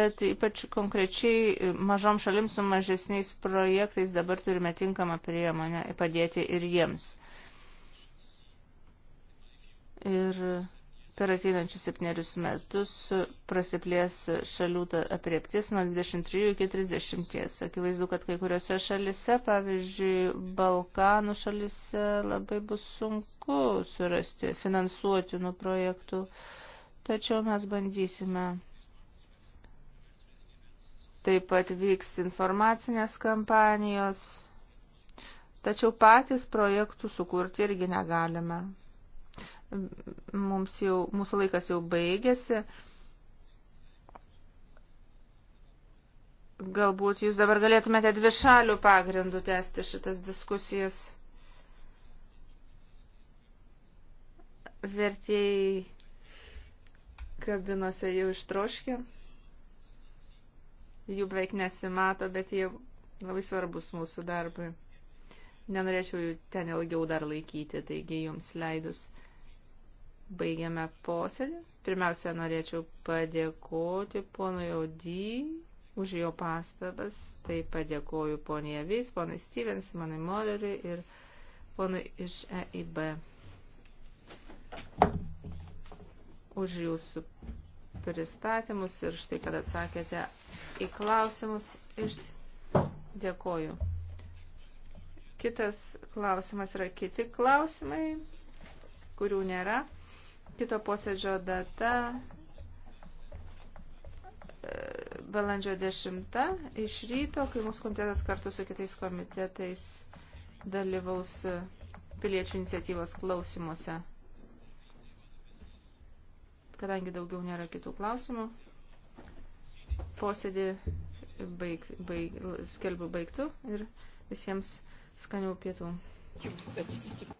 bet ypač konkrečiai mažom šalim su mažesniais projektais dabar turime tinkamą priemonę padėti ir jiems ir per ateinančius septynerius metus prasiplės šalių apriektis nuo 23 iki 30. Akivaizdu, kad kai kuriuose šalise, pavyzdžiui, Balkanų šalise labai bus sunku surasti finansuotinų projektų, tačiau mes bandysime. Taip pat vyks informacinės kampanijos, tačiau patys projektų sukurti irgi negalime. Mums jau, mūsų laikas jau baigėsi. Galbūt jūs dabar galėtumėte dvi šalių pagrindų tęsti šitas diskusijas. Vertėjai kabinose jau ištroškė. Jų beveik nesimato, bet jie labai svarbus mūsų darbui. Nenorėčiau jų ten ilgiau dar laikyti, taigi jums leidus baigiame posėdį. Pirmiausia, norėčiau padėkoti ponui Audy už jo pastabas. Taip padėkoju poniai Avis, ponui Stevens, manai Molleriui ir ponui iš EIB už jūsų pristatymus ir štai, kad atsakėte į klausimus. Iš... Dėkoju. Kitas klausimas yra kiti klausimai, kurių nėra. Kito posėdžio data e, balandžio 10 iš ryto, kai mūsų komitetas kartu su kitais komitetais dalyvaus piliečių iniciatyvos klausimuose. Kadangi daugiau nėra kitų klausimų, posėdį baig, baig, skelbiu baigtų ir visiems skanių pietų. Ačiū.